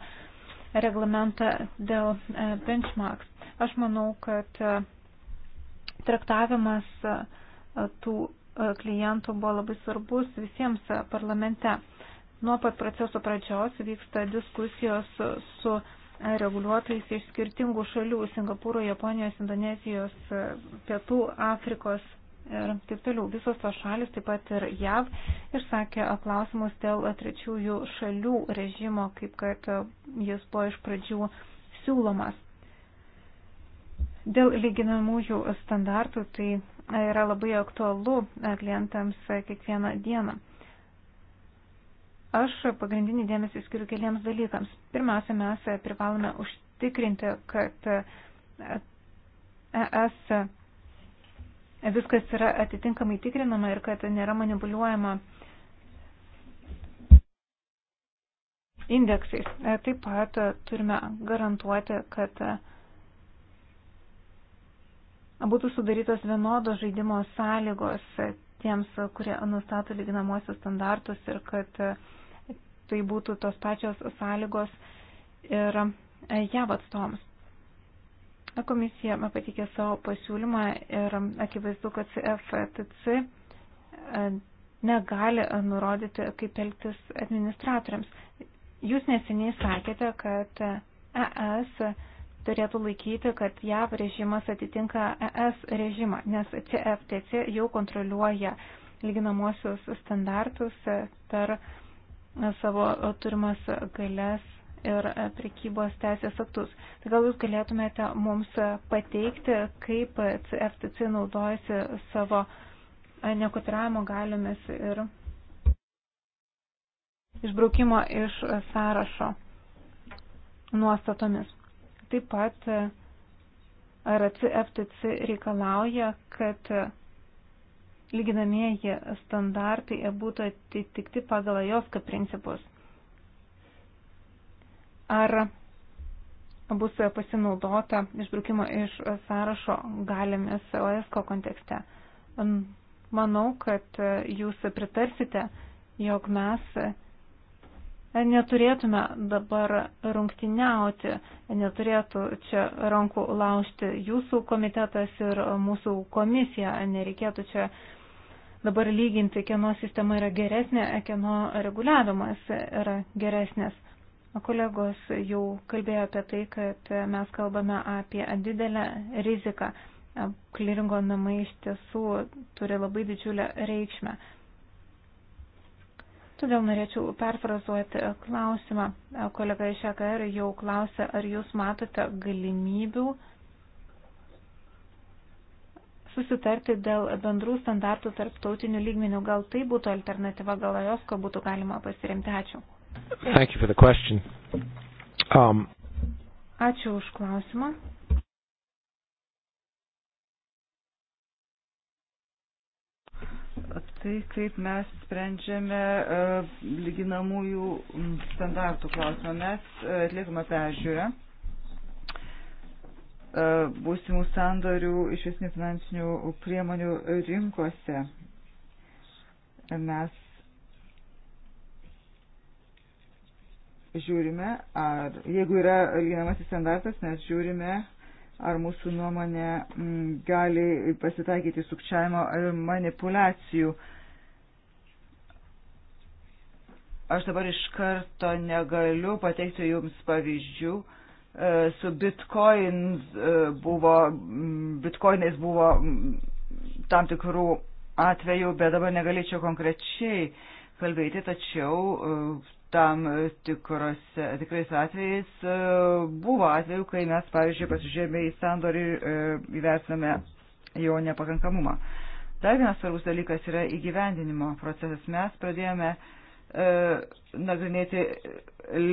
reglamentą dėl e, benchmarks. Aš manau, kad e, traktavimas e, tų klientų buvo labai svarbus visiems parlamente. Nuo pat proceso pradžios vyksta diskusijos su reguliuotojais iš skirtingų šalių - Singapūro, Japonijos, Indonezijos, Pietų Afrikos ir taip toliau. Visos tos šalis, taip pat ir JAV, išsakė klausimus dėl trečiųjų šalių režimo, kaip kad jis buvo iš pradžių siūlomas. Dėl lyginamųjų standartų tai yra labai aktualu klientams kiekvieną dieną. Aš pagrindinį dėmesį skiriu keliams dalykams. Pirmiausia, mes privalome užtikrinti, kad ES viskas yra atitinkamai tikrinama ir kad nėra manipuliuojama indeksais. E, taip pat turime garantuoti, kad būtų sudarytos vienodos žaidimo sąlygos tiems, kurie nustato lyginamosios standartus ir kad tai būtų tos pačios sąlygos ir e, JAV atstovams. Komisija pateikė savo pasiūlymą ir akivaizdu, kad FTC e, negali e, nurodyti, kaip elgtis administratoriams. Jūs neseniai sakėte, kad ES turėtų laikyti, kad JAV režimas atitinka ES režimą, nes CFTC jau kontroliuoja lyginamosius standartus e, per savo turimas galės ir e, prekybos teisės aktus. Tai gal jūs galėtumėte mums pateikti, kaip FTC naudojasi savo e, nekutiravimo galiomis ir išbraukimo iš sąrašo nuostatomis. Taip pat e, ar FTC reikalauja, kad lyginamieji standartai būtų atitikti pagal jos kaip principus ar bus pasinaudota išbraukimo iš sąrašo galimis OSKO kontekste. Manau, kad jūs pritarsite, jog mes neturėtume dabar rungtiniauti, neturėtų čia rankų laužti jūsų komitetas ir mūsų komisija, nereikėtų čia dabar lyginti, kieno sistema yra geresnė, kieno reguliavimas yra geresnės. Kolegos jau kalbėjo apie tai, kad mes kalbame apie didelę riziką. Kliringo namai iš tiesų turi labai didžiulę reikšmę. Todėl norėčiau perfrazuoti klausimą. Kolega iš EKR jau klausė, ar jūs matote galimybių susitarti dėl bendrų standartų tarptautinių lygmenių. Gal tai būtų alternatyva, gal jos, ko būtų galima pasirimti. Ačiū. Thank you for the question. Um, Ačiū už klausimą. Tai kaip mes sprendžiame uh, lyginamųjų standartų klausimą. Mes uh, atliekame peržiūrę uh, e, būsimų sandorių iš esmės finansinių priemonių rinkose. Mes žiūrime, ar jeigu yra lyginamasis standartas, mes žiūrime, ar mūsų nuomonė m, mm, gali pasitaikyti sukčiavimo ar manipulacijų. Aš dabar iš karto negaliu pateikti jums pavyzdžių. E, su bitcoin e, buvo, bitcoinais buvo tam tikrų atvejų, bet dabar negalėčiau konkrečiai kalbėti, tačiau e, tam e, tikrose, tikrais atvejais e, buvo atveju, kai mes, pavyzdžiui, pasižiūrėjome į sandorį ir e, įvertiname jo nepakankamumą. Dar vienas svarbus dalykas yra įgyvendinimo procesas. Mes pradėjome nagrinėti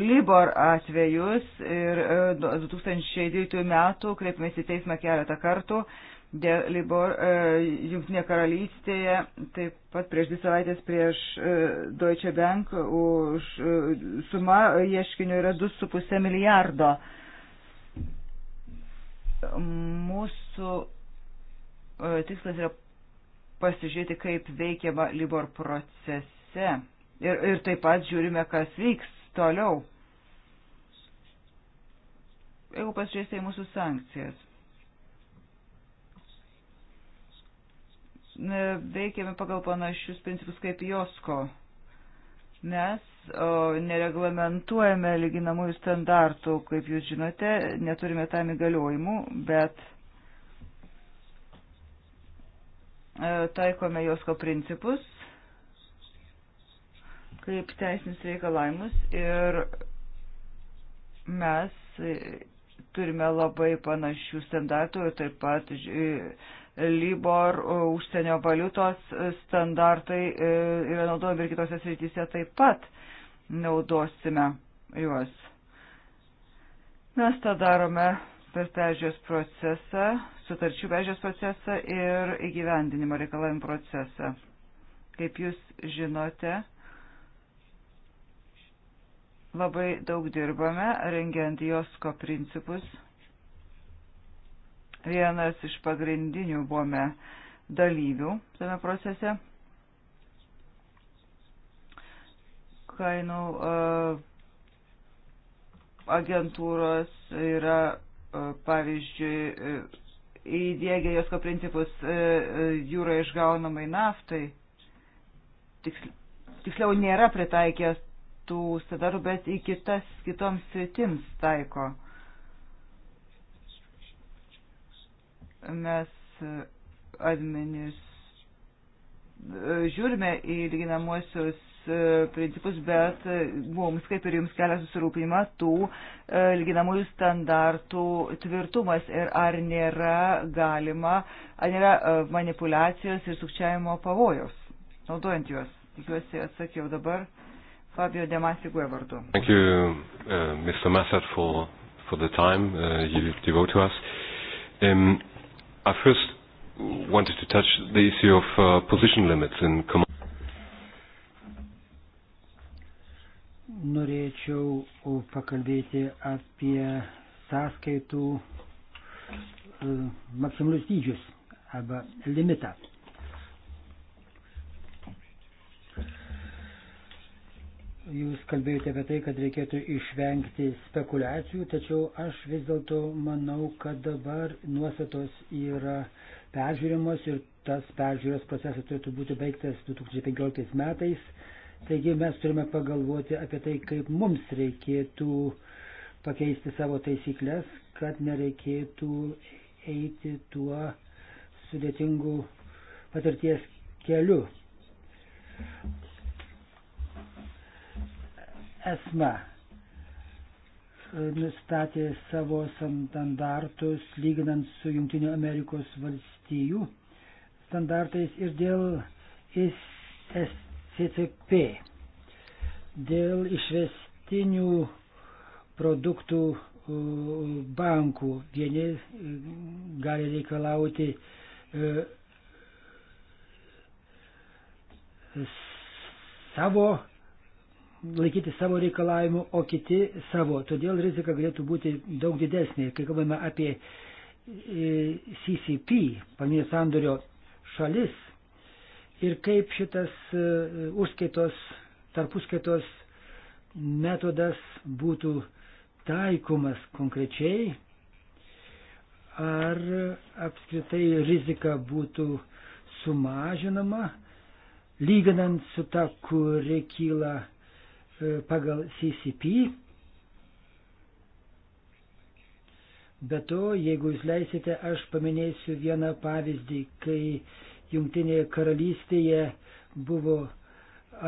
Libor atvejus ir 2002 metų kreipėmės į teismą keletą kartų. E, dėl Libor e, Junktinė karalystėje, taip pat prieš dvi savaitės prieš e, Deutsche Bank už e, suma ieškinio yra 2,5 milijardo. Mūsų tikslas yra pasižiūrėti, kaip veikiama Libor procese ir, ir taip pat žiūrime, kas vyks toliau. Jeigu pasižiūrėsite į mūsų sankcijas, E, veikiame pagal panašius principus kaip Josko. Mes o, nereglamentuojame lyginamųjų standartų, kaip jūs žinote, neturime tam įgaliojimų, bet e, taikome Josko principus kaip teisinius reikalavimus ir mes turime labai panašių standartų ir taip pat Libor, e, užsienio valiutos standartai e, yra naudojami ir kitose srityse taip pat naudosime juos. Mes tą darome per peržiūros procesą, sutarčių peržiūros procesą ir įgyvendinimo reikalavimų procesą. Kaip jūs žinote, labai daug dirbame rengiant Josko principus Vienas iš pagrindinių buvome dalyvių tame procese. Kainų e, agentūros yra, e, pavyzdžiui, e, įdėgė jos ko principus jūroje išgaunamai naftai. Tiksliau nėra pritaikęs tų standartų, bet į kitas, kitoms sritims taiko. Mes e, administ... E, žiūrime į lyginamosius e, principus, bet mums, kaip ir jums, kelia susirūpinimą tų lyginamųjų standartų tvirtumas ir ar nėra galima, ar nėra manipulacijos ir sukčiavimo pavojos, naudojant juos. Tikiuosi atsakiau dabar Fabio Demasiguė vardu. Thank you, uh, Mr. Massad, for, for the time uh, you devote to us. Um, I first wanted to touch the issue of uh, position limits in command. Norėčiau pakalbėti apie sąskaitų e, maksimalius dydžius arba limitą. Jūs kalbėjote apie tai, kad reikėtų išvengti spekulacijų, tačiau aš vis dėlto manau, kad dabar nuostatos yra peržiūrimos ir tas peržiūros procesas turėtų būti baigtas 2015 metais. Taigi mes turime pagalvoti apie tai, kaip mums reikėtų pakeisti savo taisyklės, kad nereikėtų eiti tuo sudėtingu patirties keliu esma nustatė savo standartus lyginant su Junktinio Amerikos valstijų standartais ir dėl SCCP, dėl išvestinių produktų bankų. Vieni e, gali reikalauti e, savo laikyti savo reikalavimų, o kiti savo. Todėl rizika galėtų būti daug didesnė. Kai kalbame apie e, CCP, paminės sandorio šalis, ir kaip šitas e, užskaitos, tarpuskaitos metodas būtų taikomas konkrečiai, ar apskritai rizika būtų sumažinama, lyginant su ta, kuri kyla E, pagal CCP. Be to, jeigu jūs leisite, aš paminėsiu vieną pavyzdį, kai Jungtinėje karalystėje buvo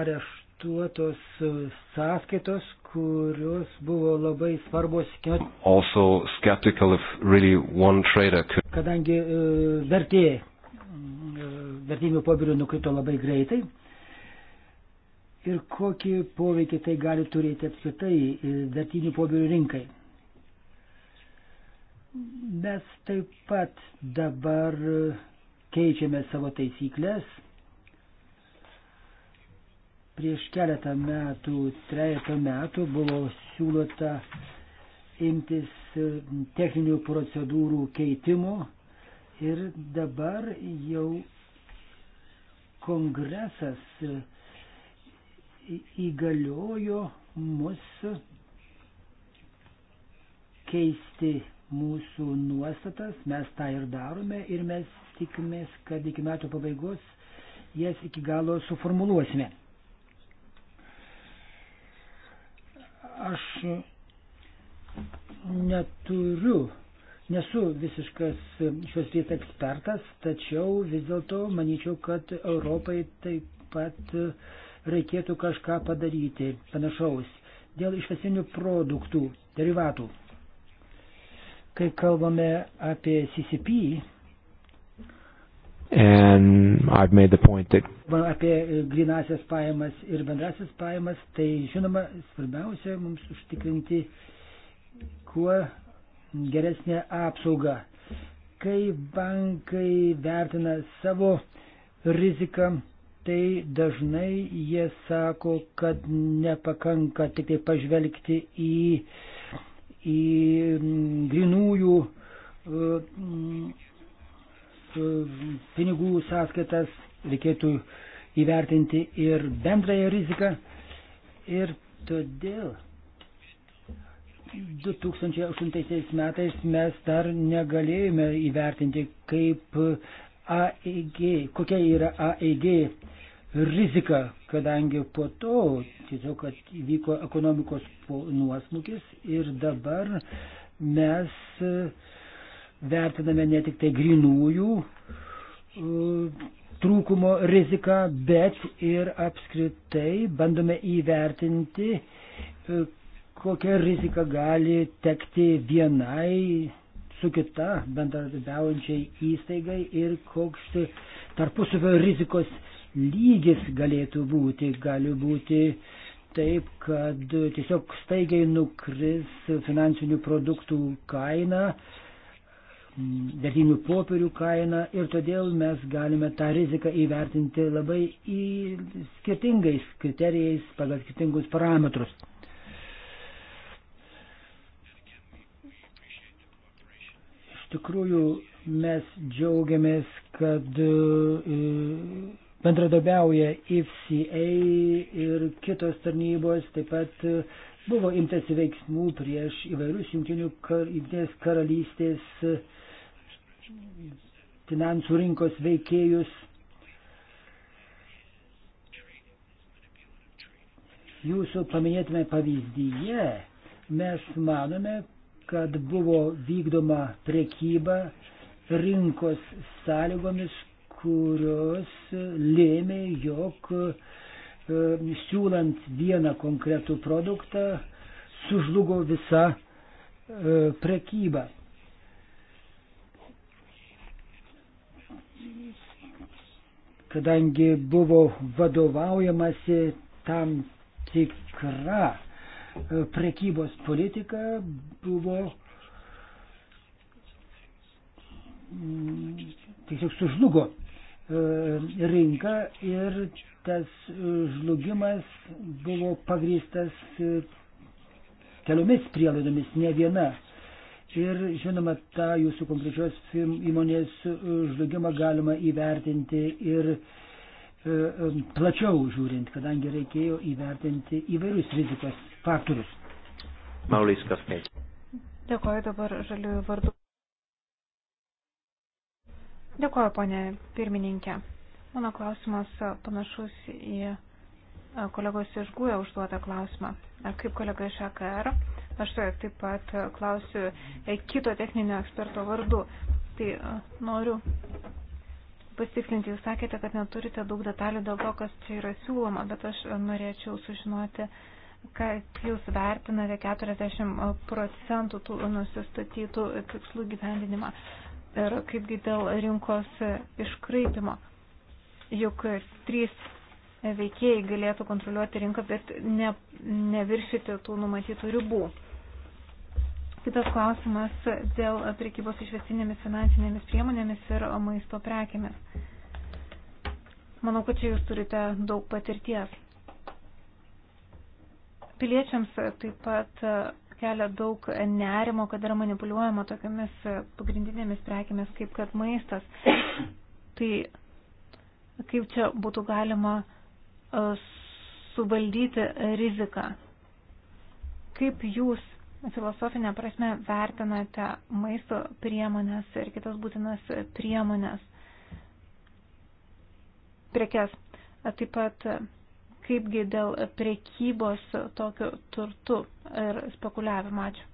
areštuotos sąskaitos, kurios buvo labai svarbos. Also skeptical if really one trader could. Kadangi e, vertė e, vertybinių popierių nukrito labai greitai, ir kokį poveikį tai gali turėti apskritai e, vertinių popierių rinkai. Mes taip pat dabar e, keičiame savo taisyklės. Prieš keletą metų, trejetą metų buvo siūlota imtis e, techninių procedūrų keitimo ir dabar jau kongresas įgaliojo mus keisti mūsų nuostatas, mes tą ir darome ir mes tikimės, kad iki metų pabaigos jas iki galo suformuluosime. Aš neturiu, nesu visiškas šios rytas ekspertas, tačiau vis dėlto manyčiau, kad Europai taip pat uh, reikėtų kažką padaryti panašaus dėl išvesinių produktų, derivatų. Kai kalbame apie CCP, And I've made the point that apie grinasias pajamas ir bendrasias pajamas, tai žinoma, svarbiausia mums užtikrinti kuo geresnę apsaugą. Kai bankai vertina savo riziką, tai dažnai jie sako, kad nepakanka tik tai pažvelgti į, į grinųjų e, e, pinigų sąskaitas, reikėtų įvertinti ir bendrąją riziką. Ir todėl 2008 metais mes dar negalėjome įvertinti, kaip AEG, kokia yra AEG rizika, kadangi po to tiesiog įvyko ekonomikos nuosmukis ir dabar mes e, vertiname ne tik tai grinųjų e, trūkumo riziką, bet ir apskritai bandome įvertinti, e, kokia rizika gali tekti vienai su kita bendradarbiaujančiai įstaigai ir koks tarpusavio rizikos lygis galėtų būti. Gali būti taip, kad tiesiog staigiai nukris finansinių produktų kaina, vertinių popierių kaina ir todėl mes galime tą riziką įvertinti labai skirtingais kriterijais pagal skirtingus parametrus. tikrųjų mes džiaugiamės, kad e, bendradabiauja IFCA ir kitos tarnybos, taip pat e, buvo imtasi veiksmų prieš įvairius jungtinių kar, karalystės e, finansų rinkos veikėjus. Jūsų paminėtume pavyzdyje mes manome, kad buvo vykdoma prekyba rinkos sąlygomis, kurios lėmė, jog e, siūlant vieną konkretų produktą sužlugo visa e, prekyba. Kadangi buvo vadovaujamasi tam tikra E, prekybos politika buvo mm, tiesiog sužlugo e, rinka ir tas žlugimas buvo pagrįstas e, keliomis prielaidomis, ne viena. Ir žinoma, tą jūsų konkrečios įmonės žlugimą galima įvertinti ir uh, E, e, plačiau žiūrint, kadangi reikėjo įvertinti įvairius rizikos faktorius. Maulys Kaskai. Dėkuoju dabar žaliųjų vardu. Dėkuoju, ponė pirmininkė. Mano klausimas panašus į e, kolegos iš Gūjo užduotą klausimą. Kaip kolega iš AKR, aš tai taip pat klausiu kito techninio eksperto vardu. Tai noriu pasitikslinti, jūs sakėte, kad neturite daug detalių dėl to, kas čia yra siūloma, bet aš norėčiau sužinoti, kad jūs vertinate 40 procentų tų nusistatytų tikslų gyvendinimą ir kaipgi dėl rinkos iškraipimo. Juk trys veikėjai galėtų kontroliuoti rinką, bet ne, neviršyti tų numatytų ribų. Kitas klausimas dėl prekybos išvestinėmis finansinėmis priemonėmis ir maisto prekėmis. Manau, kad čia jūs turite daug patirties. Piliečiams taip pat kelia daug nerimo, kad yra manipuliuojama tokiamis pagrindinėmis prekėmis, kaip kad maistas. Tai kaip čia būtų galima e, suvaldyti riziką? Kaip jūs filosofinė prasme vertinate maisto priemonės ir kitas būtinas priemonės, prekes. Taip pat kaipgi dėl prekybos tokiu turtu ir spekuliavimu. Ačiū.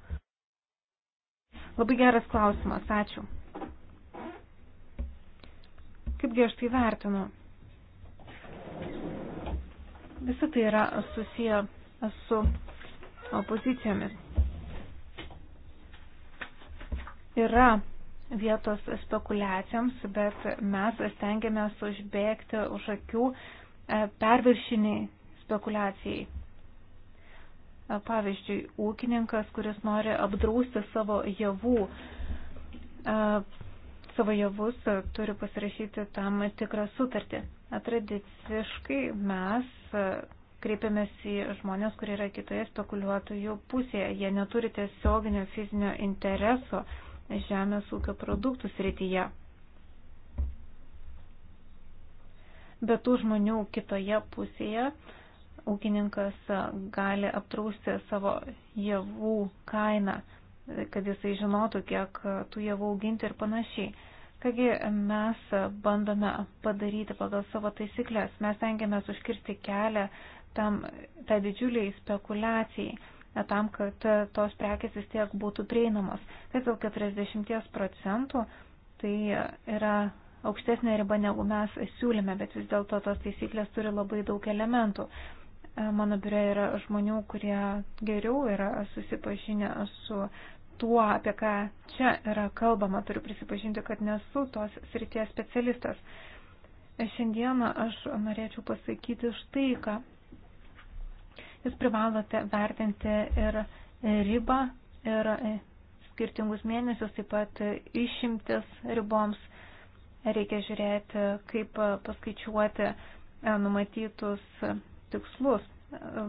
Labai geras klausimas, ačiū. Kaipgi aš tai vertinu? Visą tai yra susiję su opozicijomis. Yra vietos spekulacijoms, bet mes stengiamės užbėgti už akių e, perviršiniai spekulacijai. E, pavyzdžiui, ūkininkas, kuris nori apdrausti savo javų, e, savo javus, turi pasirašyti tam tikrą sutartį. Tradiciškai mes kreipiamės į žmonės, kurie yra kitoje spekuliuotojų pusėje. Jie neturi tiesioginio fizinio intereso žemės ūkio produktų srityje. Bet tų žmonių kitoje pusėje ūkininkas gali apdrausti savo javų kainą, kad jisai žinotų, kiek tų javų auginti ir panašiai. Kągi mes bandome padaryti pagal savo taisyklės, mes tengiamės užkirsti kelią tam, tą didžiuliai spekulacijai, tam, kad e, tos prekės vis tiek būtų prieinamos. Kas dėl 40 procentų, tai yra aukštesnė riba negu mes siūlėme, bet vis dėlto tos taisyklės turi labai daug elementų. E, mano biure yra žmonių, kurie geriau yra susipažinę su tuo, apie ką čia yra kalbama. Turiu prisipažinti, kad nesu tos srities specialistas. E, šiandieną aš norėčiau pasakyti štai ką. Jūs privalote vertinti ir ribą, ir e, skirtingus mėnesius, taip pat išimtis riboms. Reikia žiūrėti, kaip paskaičiuoti e, numatytus tikslus. E,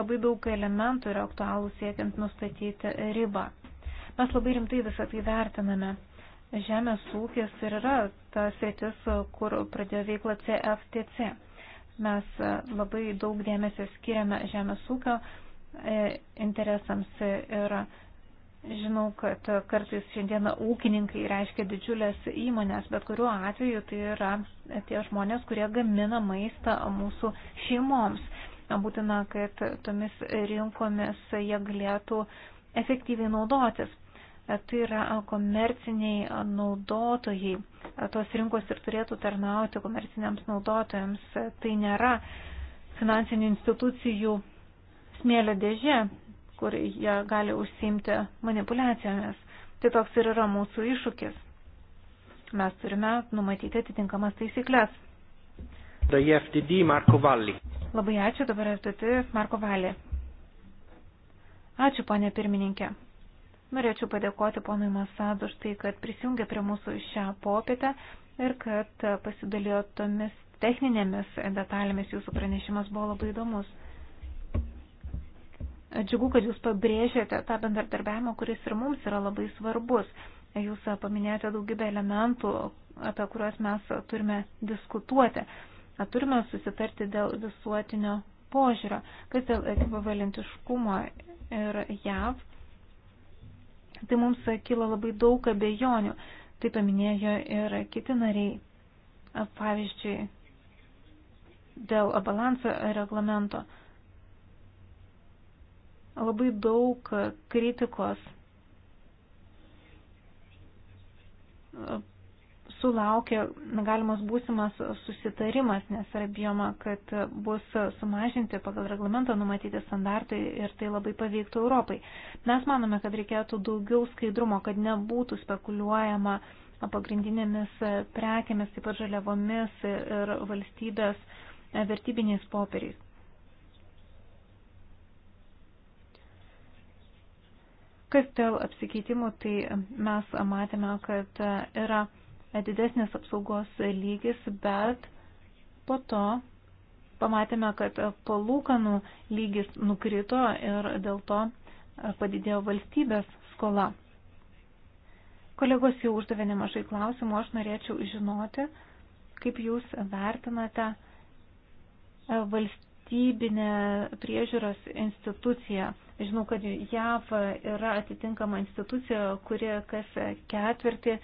labai daug elementų yra aktualų siekiant nustatyti ribą. Mes labai rimtai visą tai vertiname. Žemės ūkis ir yra ta sritis, kur pradėjo veiklą CFTC. Mes e, labai daug dėmesio skiriame žemės ūkio e, interesams ir žinau, kad kartais šiandieną ūkininkai reiškia didžiulės įmonės, bet kuriuo atveju tai yra tie žmonės, kurie gamina maistą mūsų šeimoms. Būtina, kad tomis rinkomis jie galėtų efektyviai naudotis. E, tai yra e, komerciniai e, naudotojai. Tos rinkos ir turėtų tarnauti komerciniams naudotojams. Tai nėra finansinių institucijų smėlio dėžė, kur jie gali užsiimti manipulacijomis. Tai toks ir yra mūsų iššūkis. Mes turime numatyti atitinkamas taisyklės. FDD Marko Valli. Labai ačiū dabar FDD Marko Valli. Ačiū, ponė pirmininkė. Norėčiau padėkoti ponui Masad už tai, kad prisijungė prie mūsų šią popietę ir kad pasidalijo tomis techninėmis detalėmis. Jūsų pranešimas buvo labai įdomus. Džiugu, kad jūs pabrėžėte tą bendradarbiavimą, kuris ir mums yra labai svarbus. Jūs paminėjote daugybę elementų, apie kuriuos mes turime diskutuoti. Turime susitarti dėl visuotinio požiūrio, kas dėl ekvivalentiškumo ir JAV tai mums kilo labai daug abejonių. Tai paminėjo ir kiti nariai. Pavyzdžiui, dėl balanso reglamento labai daug kritikos visų laukia galimas būsimas susitarimas, nes yra bijoma, kad bus sumažinti pagal reglamentą numatyti standartai ir tai labai paveiktų Europai. Mes manome, kad reikėtų daugiau skaidrumo, kad nebūtų spekuliuojama pagrindinėmis prekėmis, taip pat žaliavomis ir valstybės vertybiniais popieriais. Kas dėl apsikeitimų, tai mes matėme, kad yra didesnis apsaugos lygis, bet po to pamatėme, kad palūkanų lygis nukrito ir dėl to padidėjo valstybės skola. Kolegos jau uždavė nemažai klausimų, aš norėčiau žinoti, kaip jūs vertinate valstybinę priežiūros instituciją. Žinau, kad JAV yra atitinkama institucija, kuri kas ketvirtį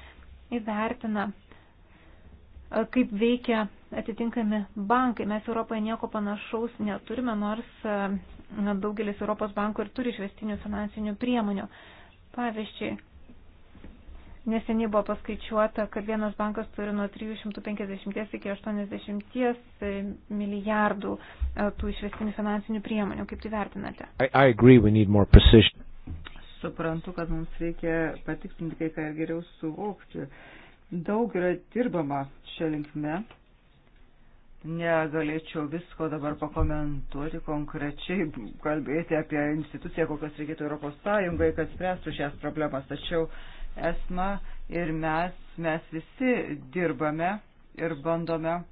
įvertina, e, kaip veikia atitinkami bankai. Mes Europoje nieko panašaus neturime, nors e, daugelis Europos bankų ir turi išvestinių finansinių priemonių. Pavyzdžiui, neseniai buvo paskaičiuota, kad vienas bankas turi nuo 350 iki 80 e, milijardų tų išvestinių finansinių priemonių. Kaip tai vertinate? I, I agree, suprantu, kad mums reikia patikslinti kai ką ir geriau suvokti. Daug yra dirbama šią linkme. Negalėčiau visko dabar pakomentuoti konkrečiai, kalbėti apie instituciją, kokios reikėtų Europos Sąjungai, kad spręstų šias problemas. Tačiau esma ir mes, mes visi dirbame ir bandome e,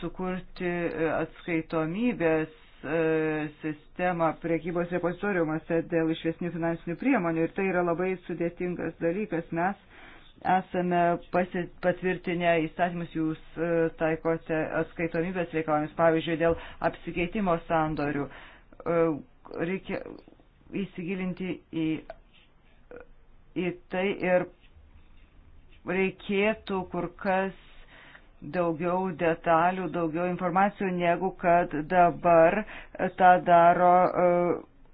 sukurti e, atskaitomybės E, sistemą priekybos repozitoriumuose dėl išvesnių finansinių priemonių ir tai yra labai sudėtingas dalykas. Mes esame patvirtinę įstatymus, jūs e, taikote atskaitomybės reikalavimus, pavyzdžiui, dėl apsikeitimo sandorių. E, reikia įsigilinti į, į tai ir reikėtų kur kas daugiau detalių, daugiau informacijų, negu kad dabar tą daro e,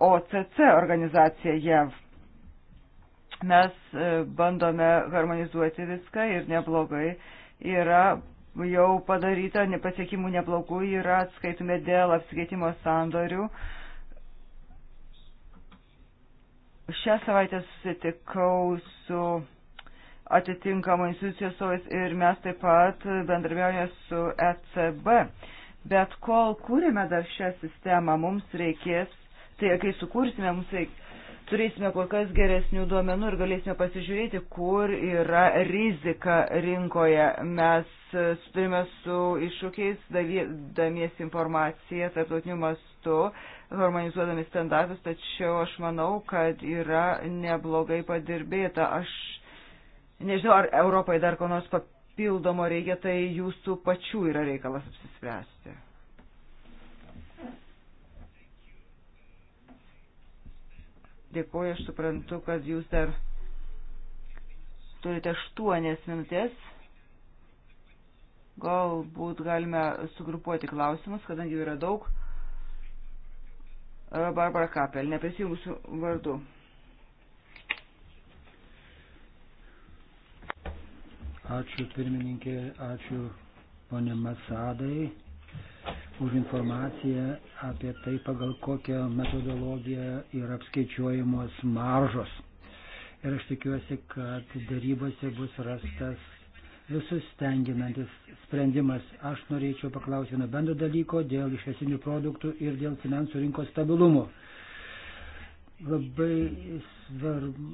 OCC organizacija JAV. E Mes e, bandome harmonizuoti viską ir neblogai yra jau padaryta, nepasiekimų neblogų yra atskaitume dėl apskaitimo sandorių. Šią savaitę susitikau su atitinkama institucijos savais ir mes taip pat bendrabiaujame su ECB. Bet kol kūrėme dar šią sistemą, mums reikės, tai kai sukursime, mums reikės, turėsime kur kas geresnių duomenų ir galėsime pasižiūrėti, kur yra rizika rinkoje. Mes e, turime su iššūkiais damiesi informaciją tarptautiniu mastu, harmonizuodami standartus, tačiau aš manau, kad yra neblogai padirbėta. Aš Nežinau, ar Europai dar ko nors papildomo reikia, tai jūsų pačių yra reikalas apsispręsti. Dėkuoju, aš suprantu, kad jūs dar turite aštuonės minutės. Galbūt galime sugrupuoti klausimus, kadangi jų yra daug. Barbara Kapel, neprisijungusiu vardu. Ačiū pirmininkė, ačiū ponė Masadai už informaciją apie tai, pagal kokią metodologiją yra apskaičiuojamos maržos. Ir aš tikiuosi, kad darybose bus rastas visus stenginantis sprendimas. Aš norėčiau paklausyti nuo bendro dalyko dėl išvesinių produktų ir dėl finansų rinkos stabilumo. Labai svarbu,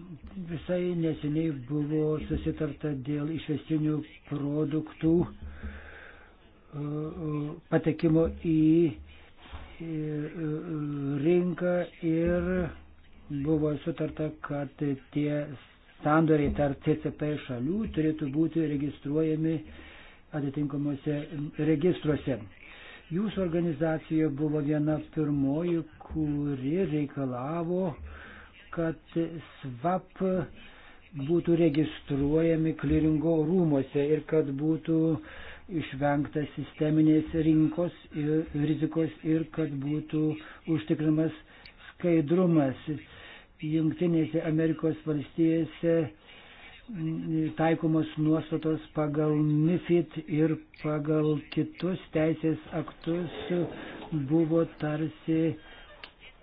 visai neseniai buvo susitarta dėl išvestinių produktų e, e, patekimo į e, rinką ir buvo sutarta, kad tie sandoriai tarp TCP šalių turėtų būti registruojami atitinkamuose registruose. Jūsų organizacija buvo viena pirmoji, kuri reikalavo, kad SVAP būtų registruojami kliringo rūmose ir kad būtų išvengta sisteminės rinkos ir rizikos ir kad būtų užtikrinamas skaidrumas. Junktinėse Amerikos valstijose taikomos nuostatos pagal MIFID ir pagal kitus teisės aktus buvo tarsi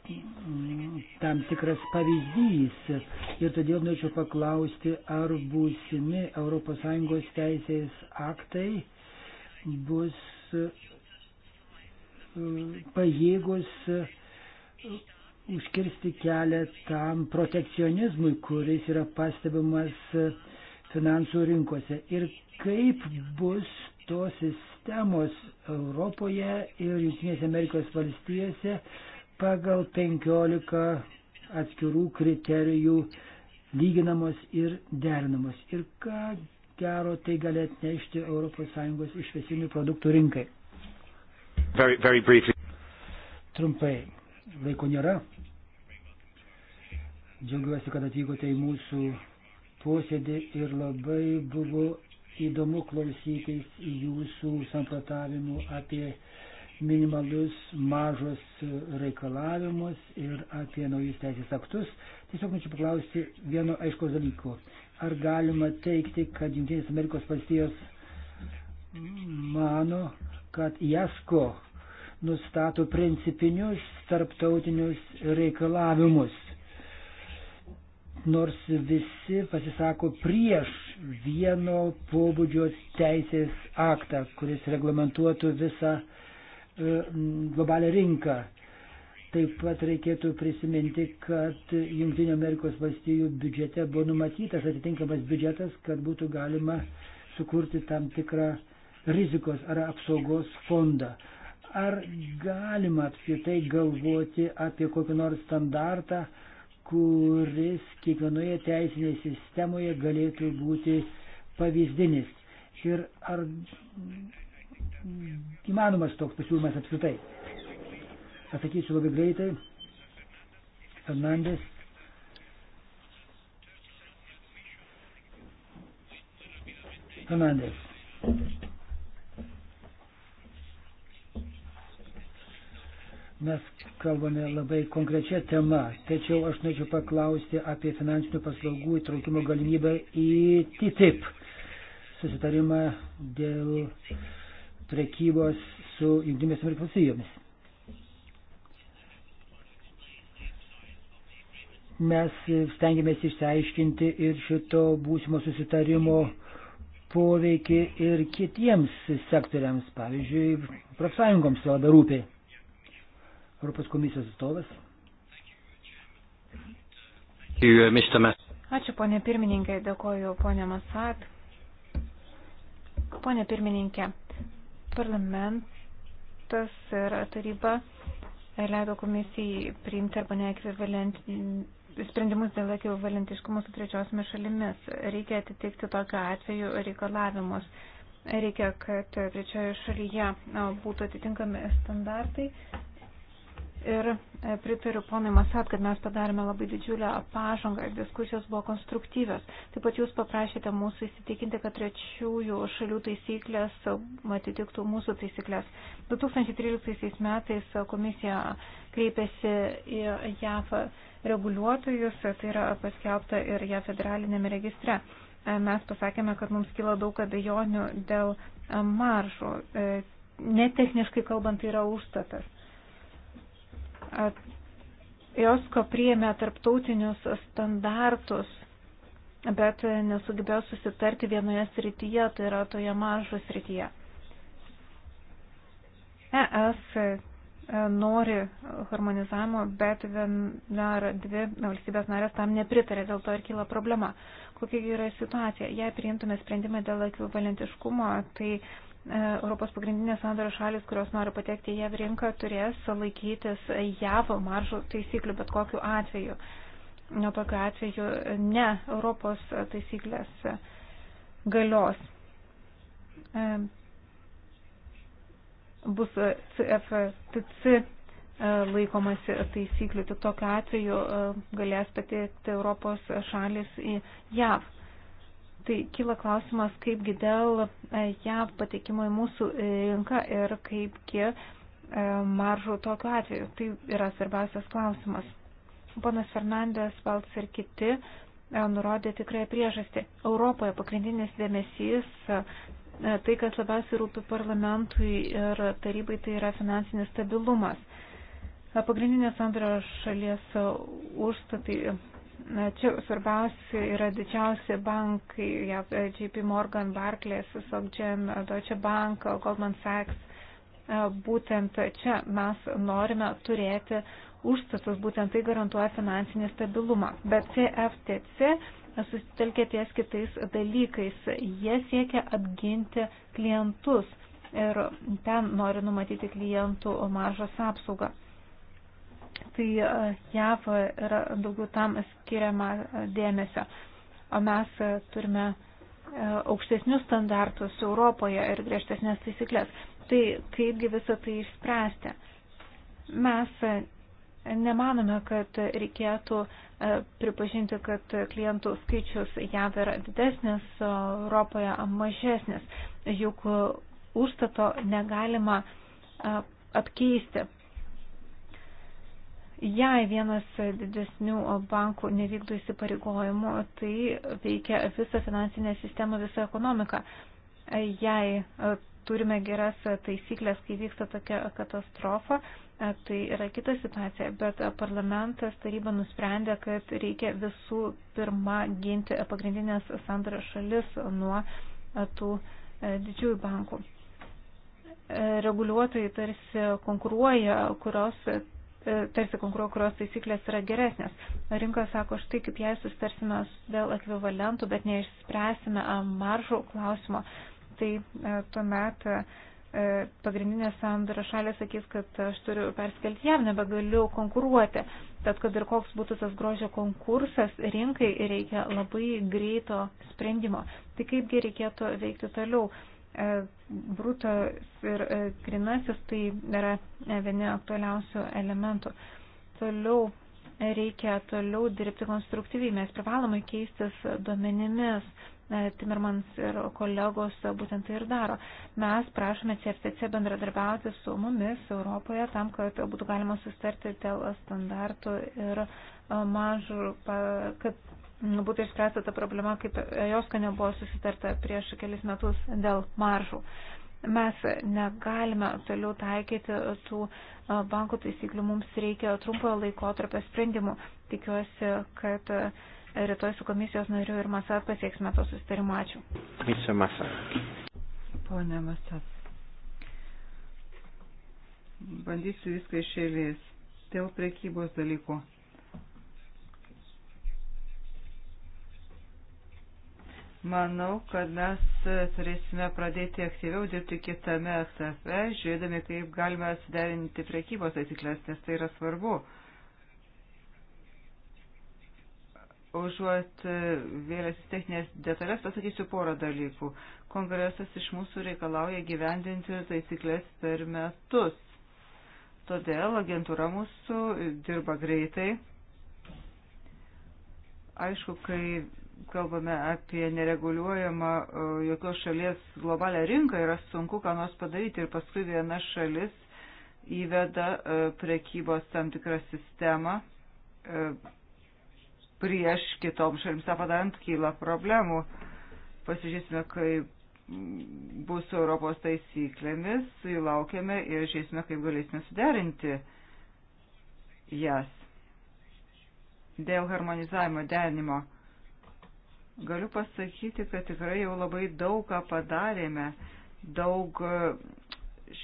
mm, tam tikras pavyzdys. Ir todėl norėčiau paklausti, ar būsimi ES teisės aktai bus mm, pajėgus užkirsti kelią tam protekcionizmui, kuris yra pastebimas e, finansų rinkose. Ir kaip bus tos sistemos Europoje ir Junktinėse Amerikos valstijose pagal 15 atskirų kriterijų lyginamos ir derinamos. Ir ką gero tai gali atnešti ES išvesinių produktų rinkai. Very, very briefly. Trumpai, laiko nėra. Džiaugiuosi, kad atvykote į mūsų posėdį ir labai buvo įdomu klausytis jūsų samprotavimų apie minimalius mažos reikalavimus ir apie naujus teisės aktus. Tiesiog norėčiau paklausti vieno aiškaus dalyko. Ar galima teikti, kad Junktinės Amerikos valstijos mano, kad JASKO nustato principinius tarptautinius reikalavimus? nors visi pasisako prieš vieno pobūdžio teisės aktą, kuris reglamentuotų visą e, globalią rinką. Taip pat reikėtų prisiminti, kad Junktinio Amerikos valstijų biudžete buvo numatytas atitinkamas biudžetas, kad būtų galima sukurti tam tikrą rizikos ar apsaugos fondą. Ar galima apskritai galvoti apie kokį nors standartą, uh, kuris kiekvienoje teisinėje sistemoje galėtų būti pavyzdinis. Ir ar įmanomas toks pasiūlymas apskritai? Atsakysiu labai greitai. Fernandes. Fernandes. Mes kalbame labai konkrečia tema, tačiau aš norėčiau paklausti apie finansinių paslaugų įtraukimo galimybę į TTIP susitarimą dėl prekybos su Junktinėmis Amerikos valstybėmis. Mes stengiamės išsiaiškinti ir šito būsimo susitarimo poveikį ir kitiems sektoriams, pavyzdžiui, profsąjungoms labai rūpi. Europos komisijos atstovas. Ačiū, ponė pirmininkė, dėkoju, ponė Masat. Ponė pirmininkė, parlamentas ir taryba leido komisijai priimti arba neekvivalent sprendimus dėl ekvivalentiškumo su trečiosiomis šalimis. Reikia atitikti tokiu atveju reikalavimus. Reikia, kad trečioje šalyje būtų atitinkami standartai Ir e, pritariu ponui Masat, kad mes padarėme labai didžiulę pažangą ir diskusijos buvo konstruktyvios. Taip pat jūs paprašėte mūsų įsitikinti, kad trečiųjų šalių taisyklės e, atitiktų mūsų taisyklės. 2013 metais komisija kreipėsi į JAF reguliuotojus, tai yra paskelbta ir JAF federalinėme registre. E, mes pasakėme, kad mums kilo daug abejonių dėl maržų. Netechniškai kalbant, tai yra užstatas EOSCO priėmė tarptautinius standartus, bet nesugebėjo susitarti vienoje srityje, tai yra toje mažo srityje. ES e, nori harmonizavimo, bet viena ar dvi valstybės narės tam nepritarė, dėl to ir kyla problema. Kokia yra situacija? Jei priimtume sprendimą dėl ekvivalentiškumo, tai E, Europos pagrindinės sandorio šalis, kurios nori patekti į JAV rinką, turės laikytis JAV maržų taisyklių bet kokiu atveju. Nuo tokiu atveju ne Europos taisyklės galios. E, bus CFTC e, laikomasi taisyklių, tik tokiu atveju galės patekti Europos šalis į JAV. Tai kyla klausimas, kaipgi dėl e, JAV patekimo į mūsų rinką ir kaipgi e, maržų tokiu atveju. Tai yra svarbiausias klausimas. Ponas Fernandės, Valts ir kiti e, nurodė tikrąją priežastį. Europoje pagrindinis dėmesys tai, kas labiausiai rūpi parlamentui ir tarybai, tai yra finansinis stabilumas. Pagrindinė sandorio šalies užstatai Čia svarbiausia yra didžiausi bankai, JAV, JP Morgan, Barclays, SocGen, Deutsche Bank, Goldman Sachs. E, būtent čia mes norime turėti užstatus, būtent tai garantuoja finansinį stabilumą. Bet CFTC susitelkė ties kitais dalykais. Jie siekia apginti klientus ir ten nori numatyti klientų mažas apsaugas tai e, JAV yra daugiau tam skiriama dėmesio. O mes e, turime e, aukštesnius standartus Europoje ir griežtesnės taisyklės. Tai kaipgi visą tai išspręsti? Mes nemanome, kad reikėtų pripažinti, kad klientų skaičius JAV yra didesnis, Europoje mažesnis. Juk užstato negalima apkeisti Jei vienas didesnių bankų nevykdo įsipareigojimų, tai veikia visą finansinę sistemą, visą ekonomiką. Jei e, turime geras taisyklės, kai vyksta tokia katastrofa, e, tai yra kita situacija, bet parlamentas taryba nusprendė, kad reikia visų pirma ginti pagrindinės sandario šalis nuo e, tų didžiųjų bankų. Reguliuotojai tarsi konkuruoja, kurios E, tarsi konkuruo, kurios taisyklės yra geresnės. Rinka sako, štai kaip jei sustarsime dėl ekvivalentų, bet neišspręsime maržų klausimo, tai e, tuomet e, pagrindinė sandara šalė sakys, kad aš turiu perskelti jam, nebegaliu konkuruoti. Tad, kad ir koks būtų tas grožio konkursas, rinkai reikia labai greito sprendimo. Tai kaipgi reikėtų veikti toliau? E, brutas ir e, grinasis tai yra vieni aktualiausių elementų. Toliau reikia toliau dirbti konstruktyviai, mes privalome keistis duomenimis. E, Timirmans ir kolegos būtent tai ir daro. Mes prašome CFTC bendradarbiauti su mumis Europoje tam, kad būtų galima sustarti dėl standartų ir mažų, kad būtų išspręsta ta problema, kaip jos, kad nebuvo susitarta prieš kelis metus dėl maržų. Mes negalime toliau taikyti tų bankų taisyklių, mums reikia trumpojo laiko tarp sprendimų. Tikiuosi, kad rytoj su komisijos nariu ir Masa pasieksime to sustarimo. Ačiū. Misa Masa. Pone Masa. Bandysiu viską iš eilės dėl prekybos dalykų. Manau, kad mes turėsime pradėti aktyviau dirbti kitame etape, žiūrėdami, kaip galime suderinti prekybos taisyklės, nes tai yra svarbu. Užuot e, vėlės techninės detalės, pasakysiu porą dalykų. Kongresas iš mūsų reikalauja gyvendinti taisyklės per metus. Todėl agentūra mūsų dirba greitai. Aišku, kai kalbame apie nereguliuojamą e, jokios šalies globalią rinką, yra sunku ką nors padaryti ir paskui viena šalis įveda e, prekybos tam tikrą sistemą e, prieš kitom šalims tą padarant kyla problemų. Pasižiūrėsime, kaip bus Europos taisyklėmis, laukiame ir žiūrėsime, kaip galėsime suderinti jas. Dėl harmonizavimo derinimo Galiu pasakyti, kad tikrai jau labai daug ką padarėme. Daug e,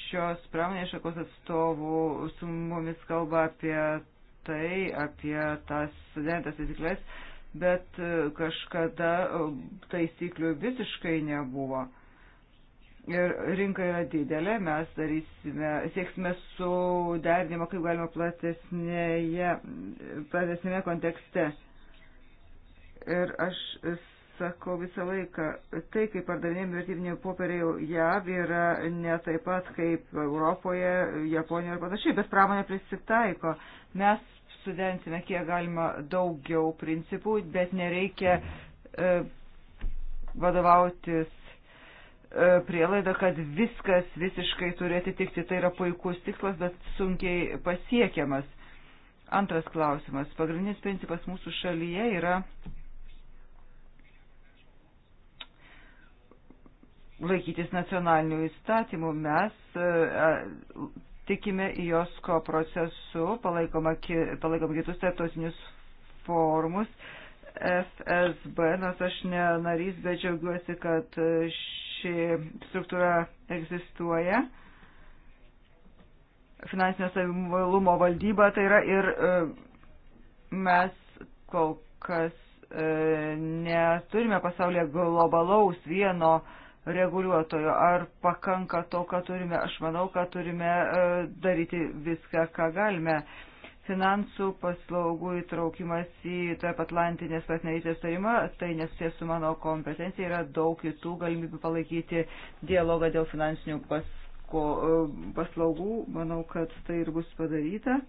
šios pramonės šakos atstovų su mumis kalba apie tai, apie tas studentas taisyklės, bet e, kažkada e, taisyklių visiškai nebuvo. Ir rinka yra didelė, mes darysime, sieksime suderinimo kaip galima platesnėje, platesnėme kontekste. Ir aš sakau visą laiką, tai kaip pardavinėjami vertybiniai popieriai JAV yra ne taip pat kaip Europoje, Japonijoje ir panašiai, bet pramonė prisitaiko. Mes sudensime kiek galima daugiau principų, bet nereikia e, vadovautis e, prielaida, kad viskas visiškai turi atitikti. Tai yra puikus tikslas, bet sunkiai pasiekiamas. Antras klausimas. Pagrindinis principas mūsų šalyje yra laikytis nacionalinių įstatymų. Mes e, e, tikime į jos ko procesu, palaikom, palaikom kitus tarptautinius formus. FSB, nors aš ne narys, bet džiaugiuosi, kad e, ši struktūra egzistuoja finansinio savivalumo valdyba, tai yra ir mes kol kas neturime pasaulyje globalaus vieno reguliuotojo. Ar pakanka to, ką turime? Aš manau, kad turime e, daryti viską, ką galime. Finansų paslaugų įtraukimas į tarp Atlantinės partnerystės tarimą, tai nesusijęs su mano kompetencija, yra daug kitų galimybių palaikyti dialogą dėl finansinių e, paslaugų. Manau, kad tai ir bus padaryta.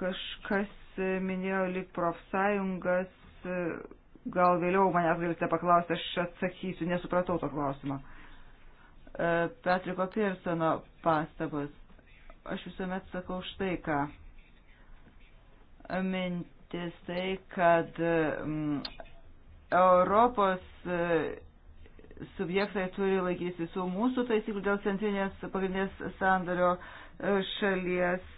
Kažkas minėjo lik profsąjungas e, gal vėliau manęs galite paklausti, aš atsakysiu, nesupratau to klausimo. E, Patriko Pirsono pastabos. Aš visuomet sakau štai ką. Mintis tai, kad mm, Europos e, subjektai turi laikytis visų mūsų taisyklių dėl centrinės pagrindinės sandario e, šalies,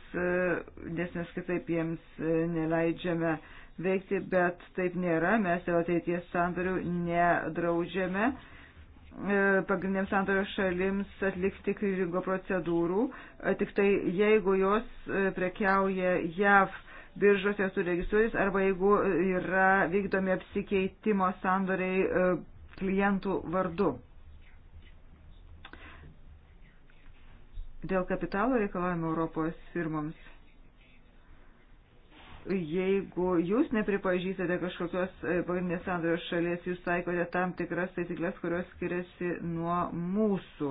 nes mes kitaip jiems neleidžiame uh, veikti, bet taip nėra, mes dėl ateities sandorių nedraudžiame e, pagrindiniams sandorio šalims atlikti kryžingo procedūrų, e, tik tai jeigu jos e, prekiauja JAV biržose su registruotis arba jeigu yra vykdomi apsikeitimo sandoriai klientų vardu. Dėl kapitalo reikalavimo Europos firmoms jeigu jūs nepripažįstate kažkokios e, pagrindinės sandorio šalies, jūs taikote tam tikras taisyklės, kurios skiriasi nuo mūsų.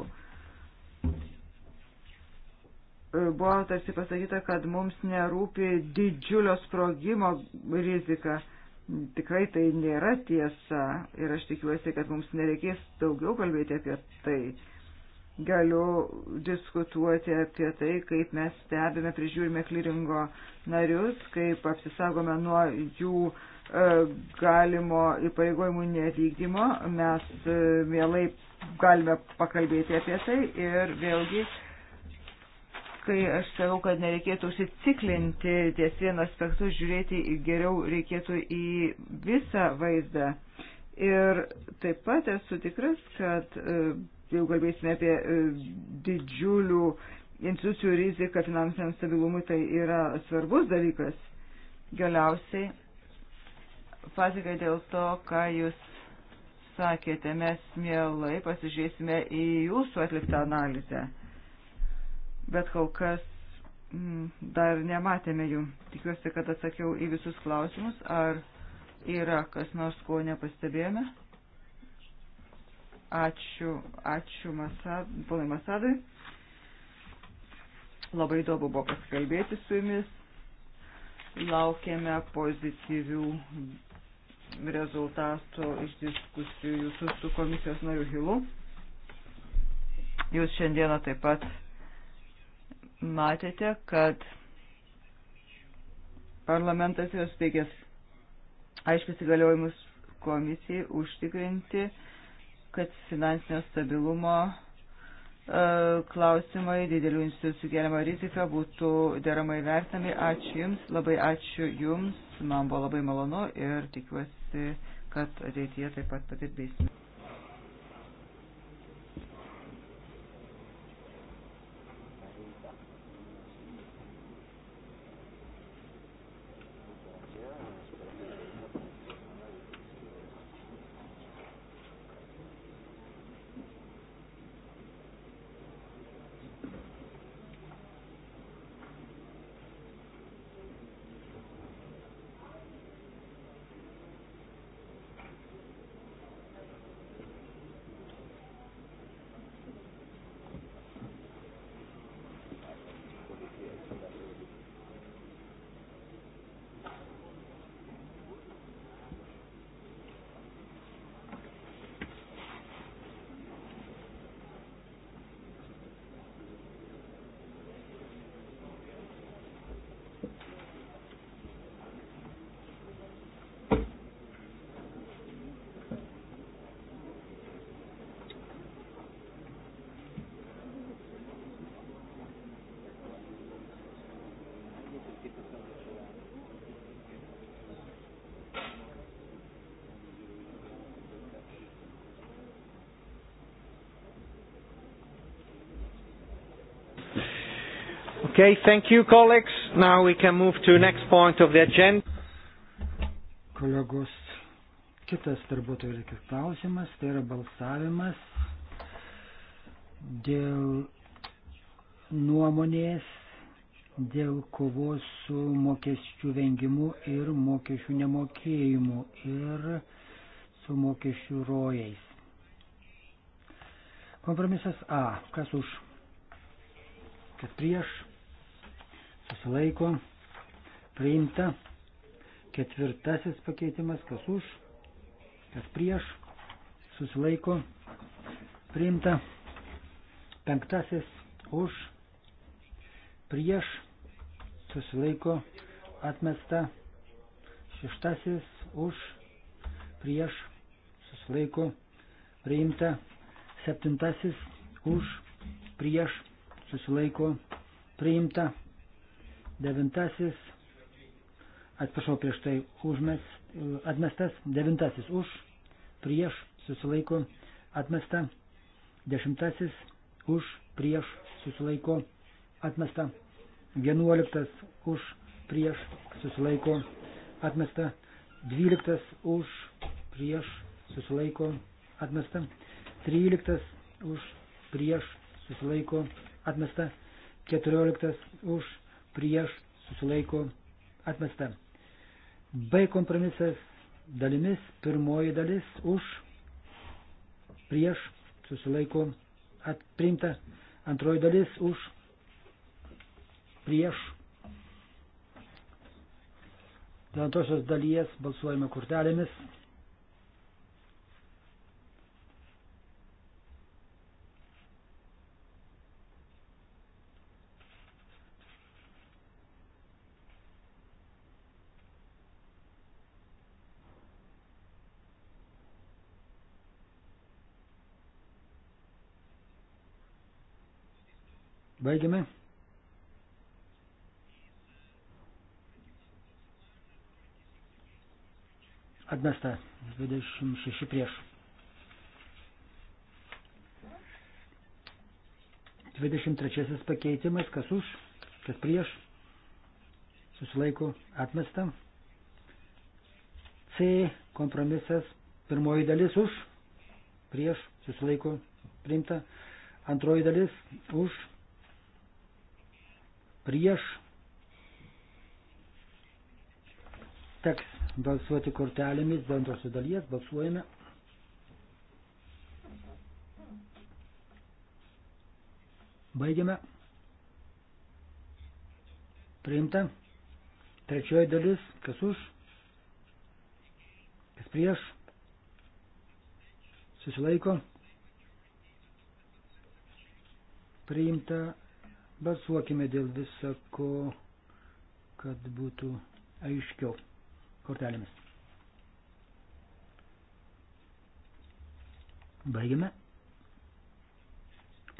E, buvo tarsi pasakyta, kad mums nerūpi didžiulio sprogimo rizika. Tikrai tai nėra tiesa ir aš tikiuosi, kad mums nereikės daugiau kalbėti apie tai galiu diskutuoti apie tai, kaip mes stebime, prižiūrime kliringo narius, kaip apsisagome nuo jų e, galimo įpareigojimų nevykdymo. Mes e, mielai galime pakalbėti apie tai ir vėlgi, kai aš sakau, kad nereikėtų užsiciklinti ties vienu aspektu, žiūrėti geriau reikėtų į visą vaizdą. Ir taip pat esu tikras, kad e, jeigu kalbėsime apie e, didžiulių institucijų riziką finansiniam stabilumui, tai yra svarbus dalykas. Galiausiai, fasikai dėl to, ką jūs sakėte, mes mielai pasižiūrėsime į jūsų atliktą analizę. Bet kol kas m, mm, dar nematėme jų. Tikiuosi, kad atsakiau į visus klausimus. Ar yra kas nors, ko nepastebėjome? Ačiū, ačiū Masad, ponai Masadui. Labai įdomu buvo pasikalbėti su jumis. Laukiame pozityvių rezultatų iš diskusijų jūsų su komisijos nariu Hilu. Jūs šiandieną taip pat matėte, kad parlamentas yra suteikęs aiškius įgaliojimus komisijai užtikrinti kad finansinio stabilumo e, klausimai, didelių institucijų keliama rizika būtų deramai vertinami. Ačiū Jums, labai ačiū Jums, man buvo labai malonu ir tikiuosi, kad ateityje taip pat patirbėsime. Okay, thank you, colleagues. Now we can move to next point of the agenda. Kolegos, kitas darbuotojų reikės klausimas, tai yra balsavimas dėl nuomonės dėl kovos su mokesčių vengimu ir mokesčių nemokėjimu ir su mokesčių rojais. Kompromisas A. Kas už? Kad prieš? susilaiko, priimta. Ketvirtasis pakeitimas, kas už, kas prieš, susilaiko, priimta. Penktasis už, prieš, susilaiko, atmesta. Šeštasis už, prieš, susilaiko, priimta. Septintasis už, prieš, susilaiko, priimta. Devintasis, atsiprašau prieš tai, užmes, atmestas. Devintasis už, prieš, susilaiko, atmesta. Dešimtasis už, prieš, susilaiko, atmesta. Vienuoliktas už, prieš, susilaiko, atmesta. Dvyliktas už, prieš, susilaiko, atmesta. Tryliktas už, prieš, susilaiko, atmesta. Keturioliktas už, prieš susilaiko atmesta. B kompromisas dalimis, pirmoji dalis už, prieš susilaiko atprimta, antroji dalis už, prieš. Dėl antrosios dalies balsuojame kortelėmis. Baigiame. Atmesta 26 prieš. 23 pakeitimas, kas už, kas prieš, susilaiko atmesta. C kompromisas, pirmoji dalis už, prieš, susilaiko priimta. Antroji dalis už, prieš. Teks balsuoti kortelėmis bendrosios dalies, balsuojame. Baigiame. Priimta. Trečioji dalis, kas už, kas prieš, susilaiko. Priimta Balsuokime dėl visako, kad būtų aiškiau kortelėmis. Baigime.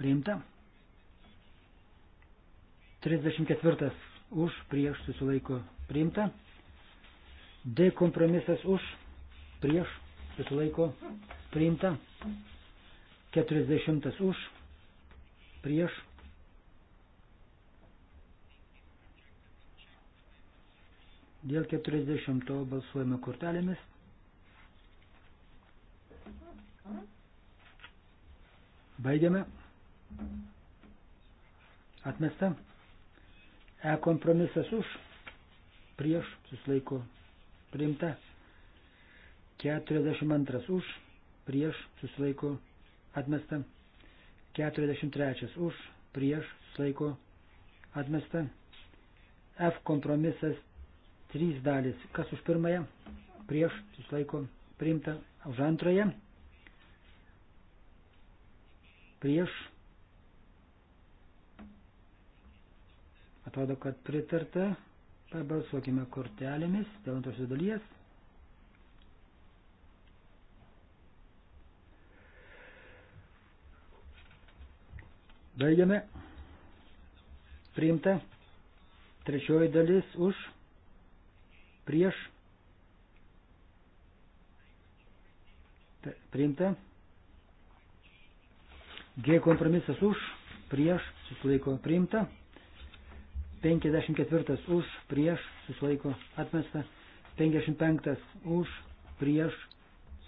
Priimta. 34 už, prieš susilaiko priimta. D kompromisas už, prieš susilaiko priimta. 40 už, prieš Dėl 40 balsuojame kortelėmis. Baigiame. Atmesta. E kompromisas už, prieš, susilaiko, priimta. 42 už, prieš, susilaiko, atmesta. 43 už, prieš, susilaiko, atmesta. F kompromisas Trys dalis. Kas už pirmąją? Prieš susilaiko priimta. Už antrąją? Prieš. Atrodo, kad pritarta. Pabalsuokime kortelėmis dėl antrosios dalies. Baigiame. Priimta. Trečioji dalis už prieš priimta. G kompromisas už, prieš, susilaiko priimta. 54 už, prieš, susilaiko atmesta. 55 už, prieš,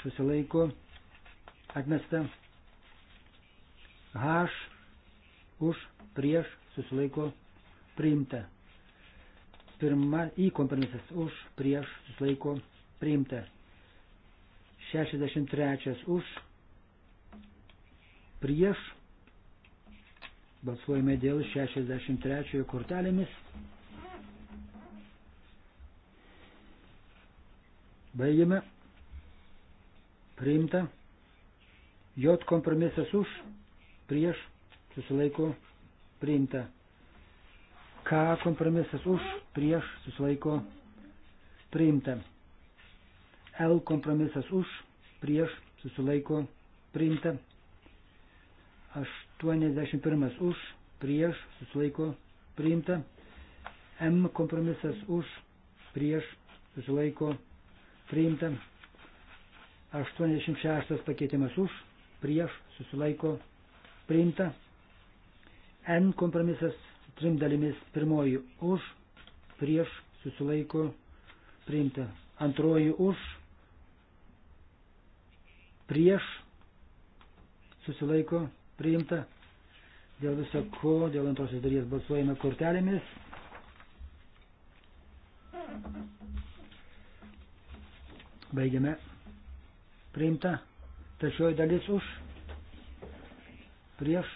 susilaiko atmesta. H už, prieš, susilaiko priimta. Pirma į kompromisas už prieš susilaiko priimta. 63 už prieš. Balsuojame dėl 63 kortelėmis. Baigiame. Priimta. J kompromisas už prieš susilaiko priimta. Ką kompromisas už, prieš, susilaiko priimta. L kompromisas už, prieš, susilaiko priimta. 81 už, prieš, susilaiko priimta. M kompromisas už, prieš, susilaiko priimta. 86 pakeitimas už, prieš, susilaiko priimta. N kompromisas trim dalimis. Pirmoji už, prieš, susilaiko, priimta. Antroji už, prieš, susilaiko, priimta. Dėl viso ko, dėl antrosios dalies balsuojame kortelėmis. Baigiame. Priimta. Trečioji dalis už, prieš,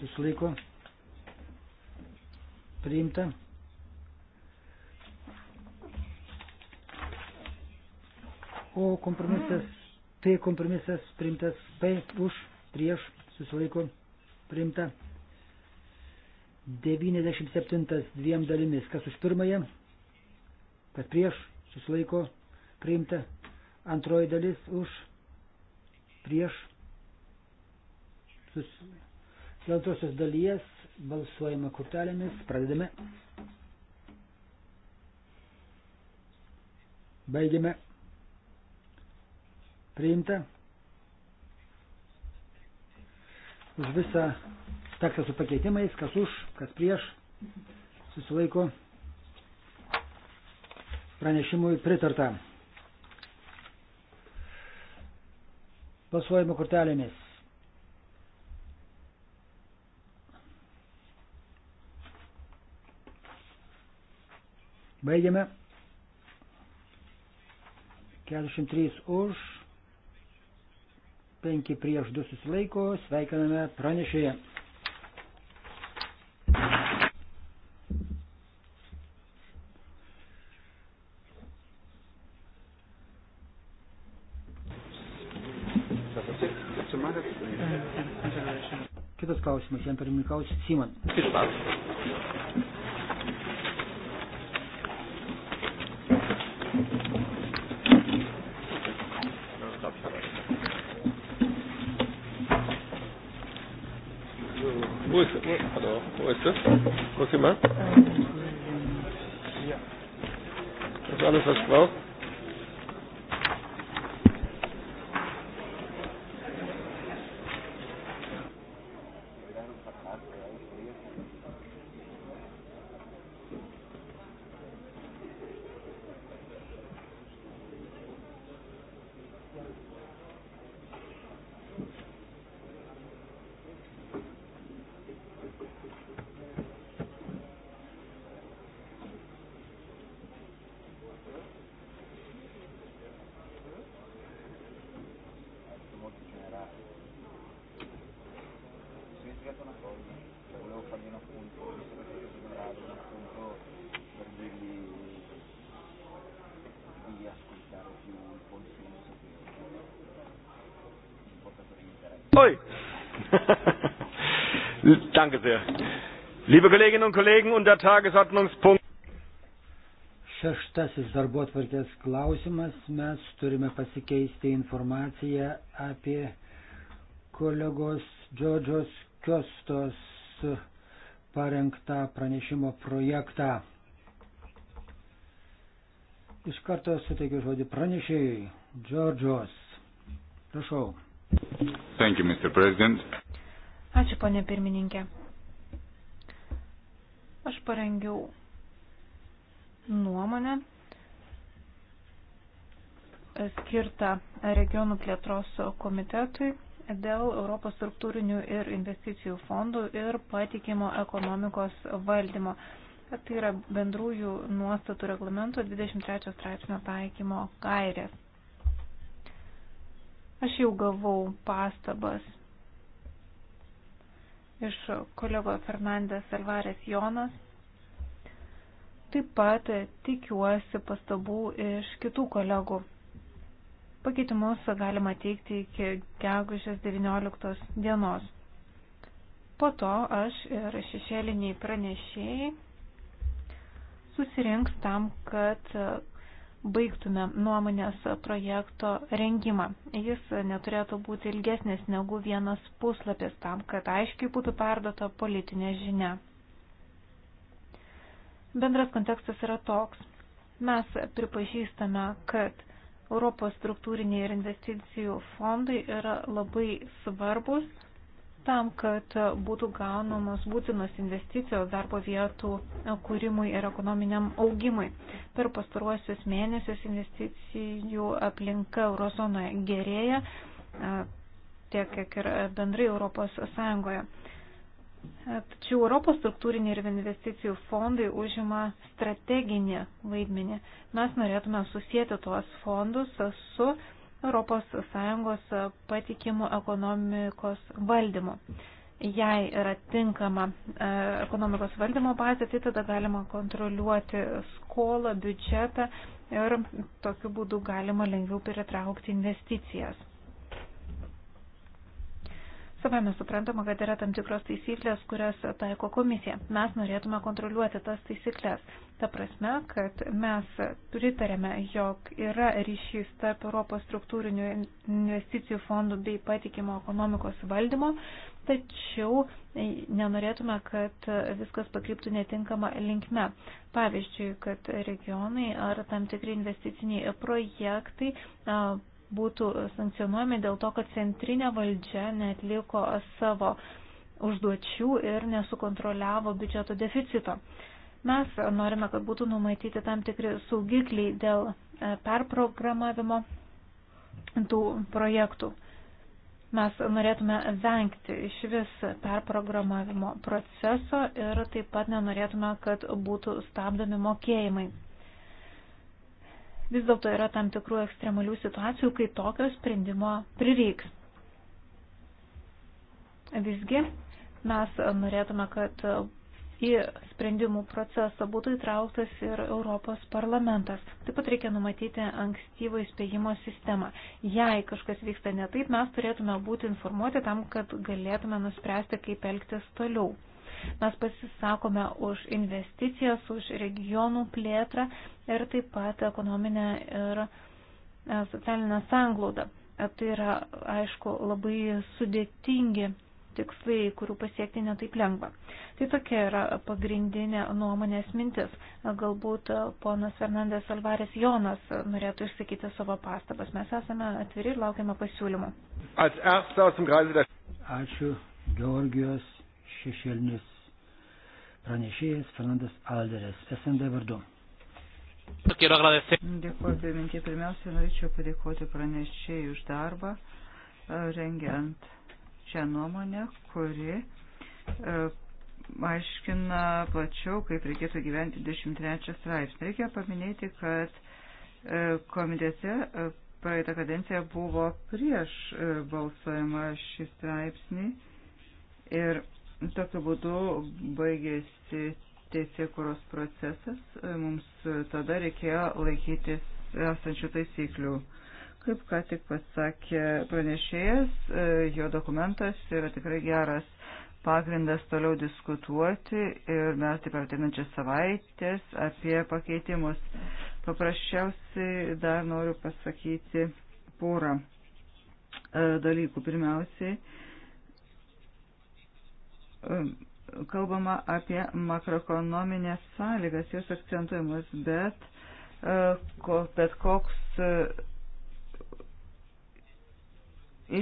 susilaiko, priimta priimta. O kompromisas, P kompromisas priimtas, P už, prieš, susilaiko priimta. 97 dviem dalimis, kas už pirmąją, kas prieš, susilaiko priimta. Antroji dalis už, prieš, susilaiko Dėltosios dalies balsuojame kortelėmis, pradedame. Baigiame. Priimta. Už visą tekstą su pakeitimais, kas už, kas prieš, susilaiko pranešimui pritarta. Balsuojame kortelėmis. Baigiame. 43 už, 5 prieš 2 susilaiko, sveikiname pranešėje. Kitas klausimas, jam pirmininkaus Simon. Iš pavyzdžių. Danke sehr. Liebe Kolleginnen und Kollegen, unter Tagesordnungspunkt. Šeštasis darbo atvarkės klausimas. Mes turime pasikeisti informaciją apie kolegos Džodžios Kiostos parengtą pranešimo projektą. Iš karto suteikiu žodį pranešėjui. Džordžos. Prašau. Thank you, Mr. President. Ačiū, ponė pirmininkė. Aš parengiau nuomonę skirtą regionų plėtros komitetui dėl Europos struktūrinių ir investicijų fondų ir patikimo ekonomikos valdymo. Tai yra bendrųjų nuostatų reglamento 23 straipsnio taikymo gairės. Aš jau gavau pastabas iš kolego Fernandės Alvarės Jonas. Taip pat tikiuosi pastabų iš kitų kolegų. Pakeitimus galima teikti iki gegužės 19 dienos. Po to aš ir šešėliniai pranešėjai susirinks tam, kad baigtume nuomonės projekto rengimą. Jis neturėtų būti ilgesnis negu vienas puslapis tam, kad aiškiai būtų perdota politinė žinia. Bendras kontekstas yra toks. Mes pripažįstame, kad Europos struktūriniai ir investicijų fondai yra labai svarbus tam, kad būtų gaunamos būtinos investicijos darbo vietų kūrimui ir ekonominiam augimui. Per pastaruosius mėnesius investicijų aplinka eurozonoje gerėja e, tiek, kiek ir bendrai Europos Sąjungoje. E, tačiau Europos struktūriniai ir investicijų fondai užima strateginį vaidmenį. Mes norėtume susijęti tuos fondus su ES patikimu ekonomikos valdymu. Jei yra tinkama e, ekonomikos valdymo bazė, tai tada galima kontroliuoti skolą, biudžetą ir tokiu būdu galima lengviau pritraukti investicijas. Savai mes suprantama, kad yra tam tikros taisyklės, kurias taiko komisija. Mes norėtume kontroliuoti tas taisyklės. Ta prasme, kad mes pritarėme, jog yra ryšys tarp Europos struktūrinių investicijų fondų bei patikimo ekonomikos valdymo, tačiau nenorėtume, kad viskas pakryptų netinkama linkme. Pavyzdžiui, kad regionai ar tam tikri investiciniai projektai būtų sankcionuojami dėl to, kad centrinė valdžia netliko savo užduočių ir nesukontroliavo biudžeto deficito. Mes norime, kad būtų numatyti tam tikri saugikliai dėl e, perprogramavimo tų projektų. Mes norėtume vengti iš vis perprogramavimo proceso ir taip pat nenorėtume, kad būtų stabdomi mokėjimai vis dėlto yra tam tikrų ekstremalių situacijų, kai tokio sprendimo prireiks. Visgi mes norėtume, kad į sprendimų procesą būtų įtrauktas ir Europos parlamentas. Taip pat reikia numatyti ankstyvo įspėjimo sistemą. Jei kažkas vyksta ne taip, mes turėtume būti informuoti tam, kad galėtume nuspręsti, kaip elgtis toliau. Mes pasisakome už investicijas, už regionų plėtrą ir taip pat ekonominę ir e, socialinę sanglaudą. E, tai yra, aišku, labai sudėtingi tikslai, kurių pasiekti netaip lengva. Tai tokia yra pagrindinė nuomonės mintis. E, galbūt ponas Fernandės Alvarės Jonas norėtų išsakyti savo pastabas. Mes esame atviri ir laukiame pasiūlymų. Ačiū, Georgijos šešėlinis pranešėjas Fernandas Alderis, SND vardu. Dėkuoju, pirmininkė. Pirmiausia, norėčiau padėkoti pranešėjai už darbą, e, rengiant šią nuomonę, kuri e, aiškina plačiau, kaip reikėtų gyventi 23 straipsnį. Reikia paminėti, kad e, komitete praeitą kadenciją buvo prieš balsuojama šį straipsnį ir Tokiu būdu baigėsi teisėkuros procesas, mums tada reikėjo laikytis esančių taisyklių. Kaip ką tik pasakė pranešėjas, jo dokumentas yra tikrai geras pagrindas toliau diskutuoti ir mes taip artinančias savaitės apie pakeitimus. Paprasčiausiai dar noriu pasakyti porą e, dalykų. Pirmiausiai, kalbama apie makroekonominės sąlygas, jos akcentuojamos, bet, e, bet koks e,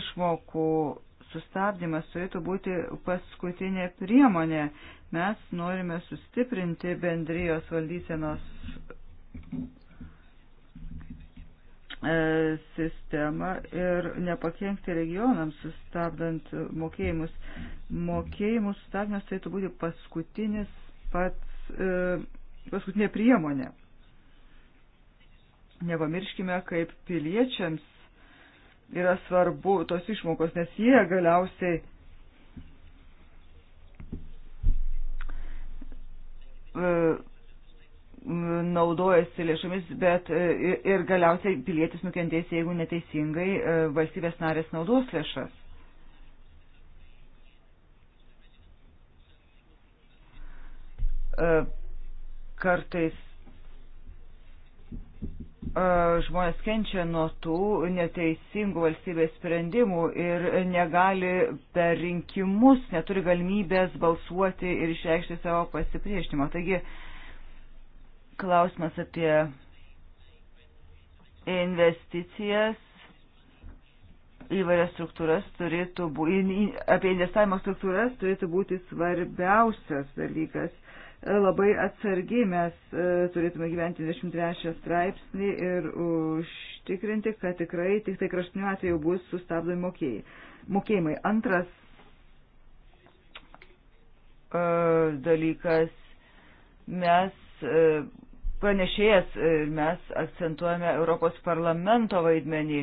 išmokų sustabdymas turėtų būti paskutinė priemonė. Mes norime sustiprinti bendrijos valdysenos E, sistemą ir nepakenkti regionams, sustabdant mokėjimus. Mokėjimų sustabdymas turėtų būti paskutinis pats, e, paskutinė priemonė. Nepamirškime, kaip piliečiams yra svarbu tos išmokos, nes jie galiausiai e, naudojasi lėšomis, bet e, ir galiausiai pilietis nukentės, jeigu neteisingai e, valstybės narės naudos lėšas. E, kartais žmonės kenčia nuo tų neteisingų valstybės sprendimų ir negali per rinkimus, neturi galimybės balsuoti ir išreikšti savo pasipriešinimą. Taigi, Klausimas apie investicijas įvairias struktūras turėtų būti, apie investavimo struktūras turėtų būti svarbiausias dalykas. E, labai atsargiai mes e, turėtume gyventi 23 straipsnį ir užtikrinti, kad tikrai tik tai kraštiniu atveju bus sustabdomi mokėjai. mokėjimai. Antras e, dalykas, mes pranešėjas e, mes akcentuojame Europos parlamento vaidmenį.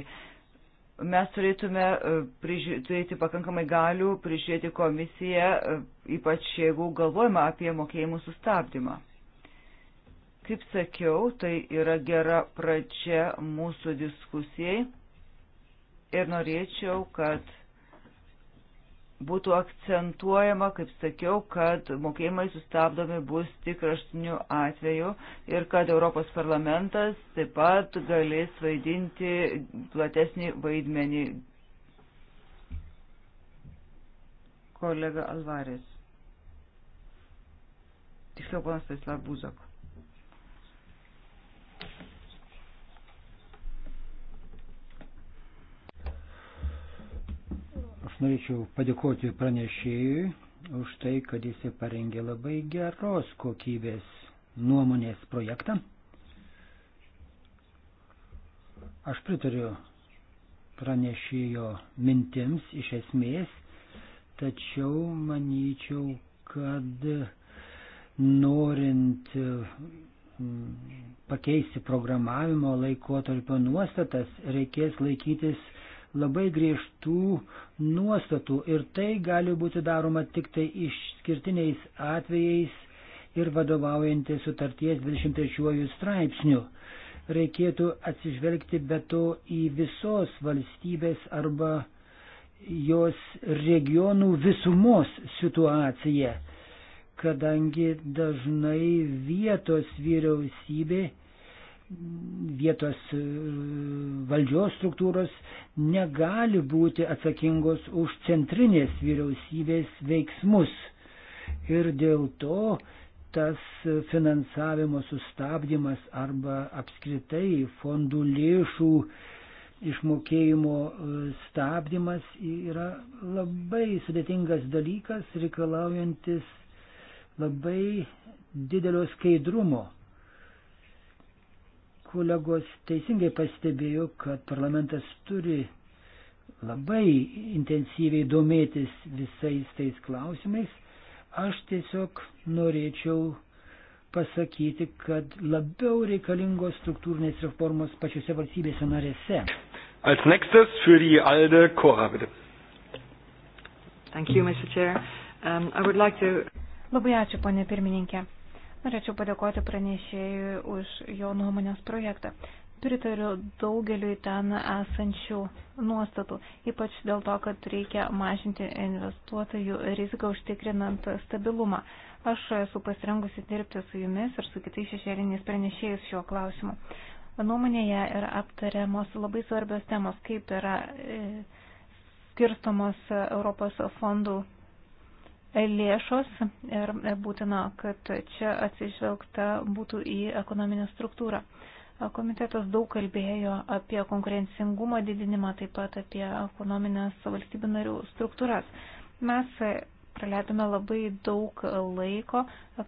Mes turėtume e, priži, turėti pakankamai galių prižiūrėti komisiją, e, ypač jeigu galvojama apie mokėjimų sustabdymą. Kaip sakiau, tai yra gera pradžia mūsų diskusijai ir norėčiau, kad būtų akcentuojama, kaip sakiau, kad mokėjimai sustabdomi bus tik raštiniu atveju ir kad Europos parlamentas taip pat galės vaidinti platesnį vaidmenį. Kolega Alvarės. Tiksliau, ponas Taisla Buzak. norėčiau padėkoti pranešėjui už tai, kad jisai parengė labai geros kokybės nuomonės projektą. Aš pritariu pranešėjo mintims iš esmės, tačiau manyčiau, kad norint mm, pakeisti programavimo laikotarpio nuostatas, reikės laikytis labai griežtų nuostatų ir tai gali būti daroma tik tai išskirtiniais atvejais ir vadovaujantį sutarties 23 straipsnių. Reikėtų atsižvelgti be to į visos valstybės arba jos regionų visumos situaciją, kadangi dažnai vietos vyriausybė vietos e, valdžios struktūros negali būti atsakingos už centrinės vyriausybės veiksmus. Ir dėl to tas finansavimo sustabdymas arba apskritai fondų lėšų išmokėjimo e, stabdymas yra labai sudėtingas dalykas, reikalaujantis labai didelio skaidrumo Kolegos teisingai pastebėjo, kad parlamentas turi labai intensyviai domėtis visais tais klausimais. Aš tiesiog norėčiau pasakyti, kad labiau reikalingos struktūrinės reformos pačiose valstybėse narėse. Als nächstes für die ALDE Cora, bitte. Thank you, Mr. Chair. Um, I would like to... Labai ačiū, ponė pirmininkė. Norėčiau padėkoti pranešėjui už jo nuomonės projektą. Pritariu daugeliui ten esančių nuostatų, ypač dėl to, kad reikia mažinti investuotojų riziką užtikrinant stabilumą. Aš esu pasirengusi dirbti su jumis ir su kitais šešėliniais pranešėjais šiuo klausimu. Nuomonėje yra aptariamos labai svarbios temos, kaip yra e, skirstomos Europos fondų lėšos ir būtina, kad čia atsižvelgta būtų į ekonominę struktūrą. Komitetas daug kalbėjo apie konkurencingumo didinimą, taip pat apie ekonominės valstybių narių struktūras. Mes Praleidome labai daug laiko,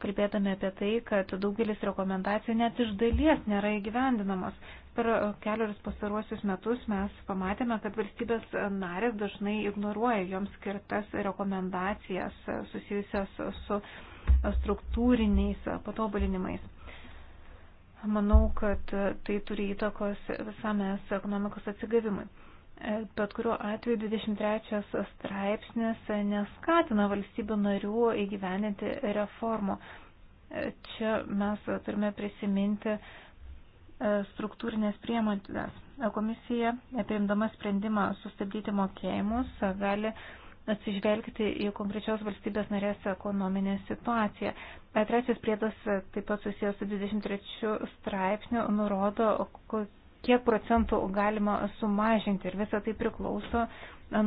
kalbėdami apie tai, kad daugelis rekomendacijų net iš dalies nėra įgyvendinamas. Per keliarius pastaruosius metus mes pamatėme, kad valstybės narės dažnai ignoruoja joms skirtas rekomendacijas susijusias su struktūriniais patobulinimais. Manau, kad tai turi įtakos visame ekonomikos atsigavimui. Bet kuriuo atveju 23 straipsnis neskatina valstybių narių įgyveninti reformų. Čia mes turime prisiminti e, struktūrinės priemonės. Komisija, priimdama sprendimą sustabdyti mokėjimus, gali atsižvelgti į konkrečios valstybės narės ekonominę situaciją. E, trečias priedas, taip pat susijęs su 23 straipsniu, nurodo, kokie kiek procentų galima sumažinti ir visa tai priklauso e,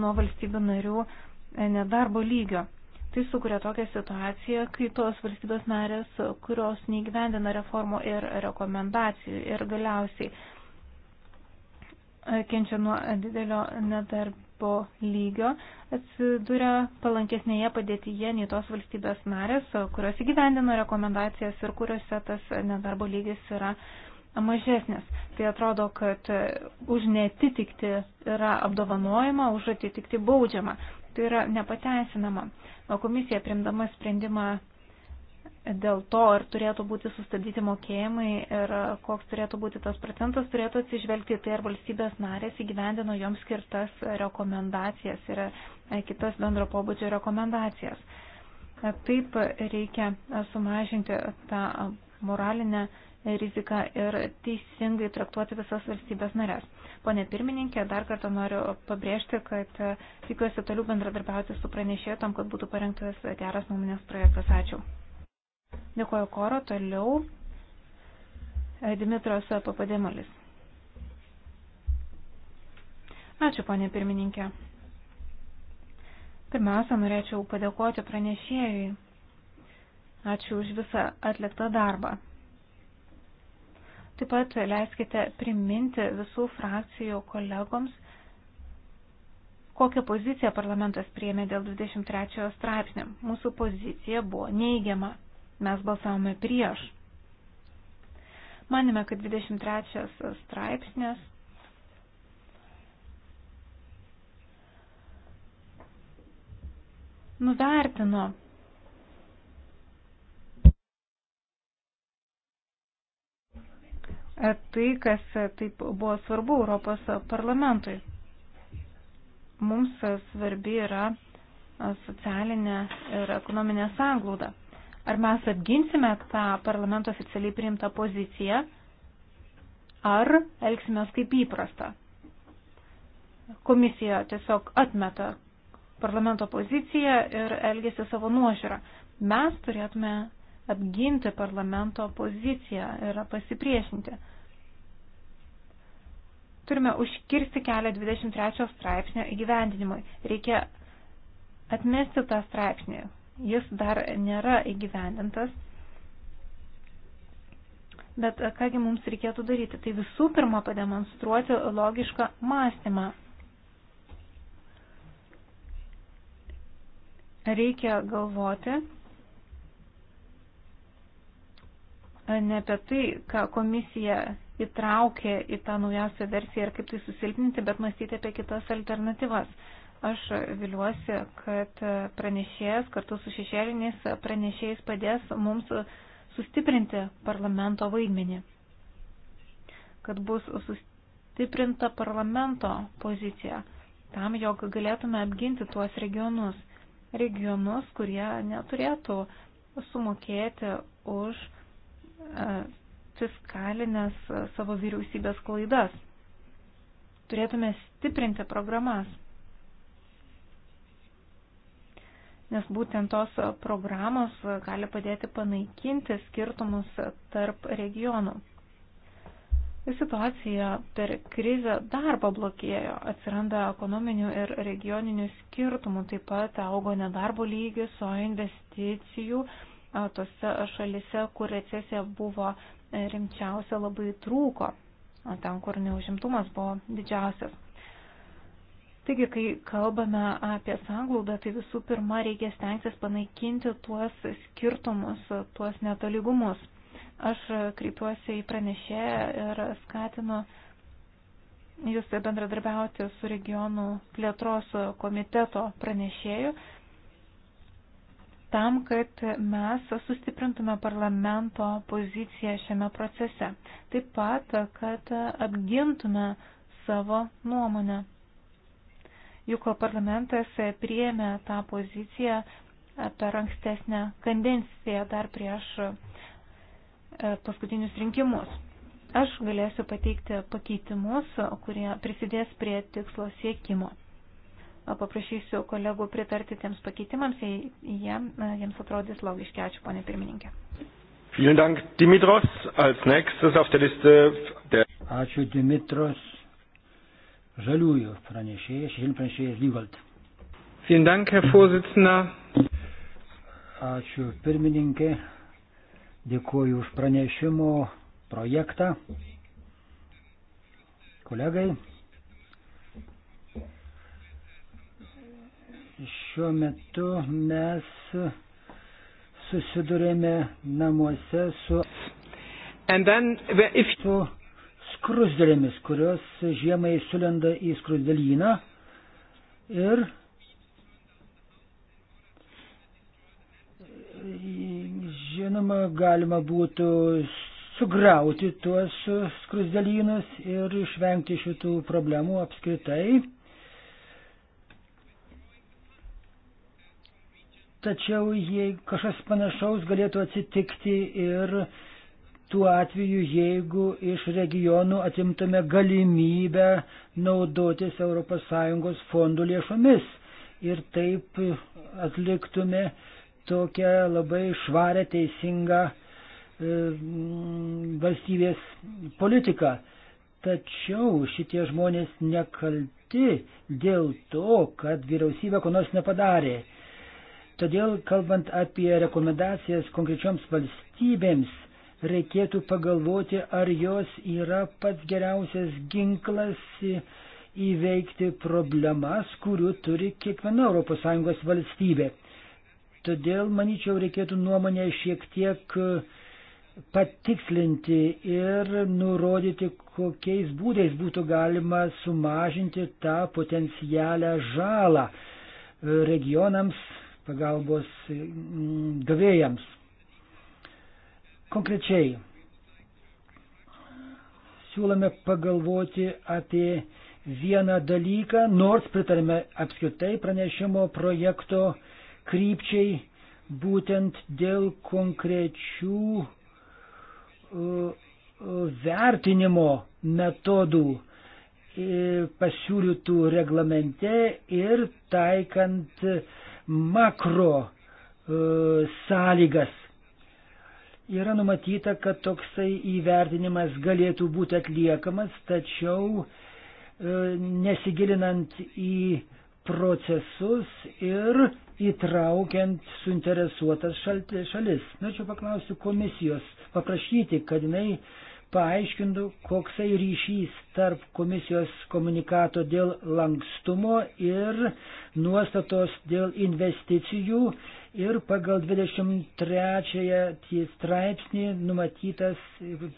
nuo valstybių narių e, nedarbo lygio. Tai sukuria tokią situaciją, kai tos valstybės narės, kurios neįgyvendina reformų ir rekomendacijų ir galiausiai e, kenčia nuo didelio nedarbo lygio, atsiduria palankesnėje padėtyje nei tos valstybės narės, kurios įgyvendina rekomendacijas ir kuriuose tas nedarbo lygis yra uh, mažesnis. Tai atrodo, kad už netitikti yra apdovanojama, už atitikti baudžiama. Tai yra nepateisinama. O komisija primdama sprendimą dėl to, ar turėtų būti sustabdyti mokėjimai ir koks turėtų būti tas procentas, turėtų atsižvelgti tai, ar valstybės narės įgyvendino joms skirtas rekomendacijas ir e, kitas bendro pobūdžio rekomendacijas. Taip reikia sumažinti tą moralinę riziką ir teisingai traktuoti visas valstybės narės. Pone pirmininkė, dar kartą noriu pabrėžti, kad tikiuosi toliau bendradarbiauti su pranešėju tam, kad būtų parengtas geras nuomonės projektas. Ačiū. Dėkuoju Koro, toliau e, Dimitros Papademolis. Ačiū, ponė pirmininkė. Pirmiausia, norėčiau padėkoti pranešėjui. Ačiū už visą atliktą darbą. Taip pat leiskite priminti visų frakcijų kolegoms, kokią poziciją parlamentas priėmė dėl 23 straipsnio. Mūsų pozicija buvo neigiama. Mes balsavome prieš. Manime, kad 23 straipsnės nuvertino tai, kas taip buvo svarbu Europos parlamentui. Mums svarbi yra socialinė ir ekonominė sanglauda. Ar mes apginsime tą parlamento oficialiai priimtą poziciją, ar elgsime kaip įprasta. Komisija tiesiog atmeta parlamento poziciją ir elgėsi savo nuožiūrą. Mes turėtume apginti parlamento poziciją ir pasipriešinti turime užkirsti kelią 23 straipsnio įgyvendinimui. Reikia atmesti tą straipsnį. Jis dar nėra įgyvendintas. Bet kągi mums reikėtų daryti? Tai visų pirma pademonstruoti logišką mąstymą. Reikia galvoti ne apie tai, ką komisija įtraukė į tą naujausią versiją ir kaip tai susilpninti, bet mąstyti apie kitas alternatyvas. Aš viliuosi, kad pranešėjas kartu su šešėliniais pranešėjais padės mums sustiprinti parlamento vaidmenį, kad bus sustiprinta parlamento pozicija tam, jog galėtume apginti tuos regionus, regionus, kurie neturėtų sumokėti už e, fiskalinės e, savo vyriausybės klaidas. Turėtume stiprinti programas. Nes būtent tos e, programos e, gali padėti panaikinti skirtumus tarp regionų. Situacija per krizę dar pablokėjo, atsiranda ekonominių ir regioninių skirtumų, taip pat augo nedarbo lygis, o investicijų tose šalise, kur recesija buvo rimčiausia labai trūko, ten, kur neužimtumas buvo didžiausias. Taigi, kai kalbame apie sanglaudą, tai visų pirma reikia stengtis panaikinti tuos skirtumus, tuos netolygumus. Aš kreipiuosi į pranešėją ir skatinu jūs bendradarbiauti su regionų plėtros komiteto pranešėju tam, kad mes sustiprintume parlamento poziciją šiame procese. Taip pat, kad apgintume savo nuomonę. Juk parlamentas priėmė tą poziciją per ankstesnę kandenciją dar prieš e, paskutinius rinkimus. Aš galėsiu pateikti pakeitimus, kurie prisidės prie tikslo siekimo paprašysiu kolegų pritarti tiems pakeitimams, jei jie, jiems atrodys logiški. Ačiū, ponė pirmininkė. Vielen Dank, Dimitros. Als nächstes auf der Liste der. Ačiū, Dimitros. Žaliųjų pranešėjas, šiandien pranešėjas Lygalt. Vielen Dank, Herr Vorsitzender. Ačiū, pirmininkė. Dėkuoju už pranešimo projektą. Kolegai. Šiuo metu mes susidurėme namuose su, then, if... su skrusdėlėmis, kurios žiemai sulenda į skrusdėlyną ir žinoma, galima būtų sugrauti tuos skrusdėlynus ir išvengti šitų problemų apskritai. Tačiau jei kažkas panašaus galėtų atsitikti ir tuo atveju, jeigu iš regionų atimtume galimybę naudotis ES fondų lėšomis ir taip atliktume tokią labai švarę, teisingą e, valstybės politiką. Tačiau šitie žmonės nekalti dėl to, kad vyriausybė ko nors nepadarė Todėl, kalbant apie rekomendacijas konkrečioms valstybėms, reikėtų pagalvoti, ar jos yra pats geriausias ginklas įveikti problemas, kurių turi kiekviena ES valstybė. Todėl, manyčiau, reikėtų nuomonę šiek tiek patikslinti ir nurodyti, kokiais būdais būtų galima sumažinti tą potencialią žalą regionams, pagalbos mm, gavėjams. Konkrečiai siūlome pagalvoti apie vieną dalyką, nors pritarime apskritai pranešimo projekto krypčiai būtent dėl konkrečių vertinimo metodų pasiūlytų reglamente ir taikant uh, makro e, sąlygas. Yra numatyta, kad toksai įvertinimas galėtų būti atliekamas, tačiau e, nesigilinant į procesus ir įtraukiant suinteresuotas šalis. Norėčiau paklausti komisijos, paprašyti, kad jinai paaiškintų, koksai ryšys tarp komisijos komunikato dėl lankstumo ir nuostatos dėl investicijų ir pagal 23 straipsnį numatytas,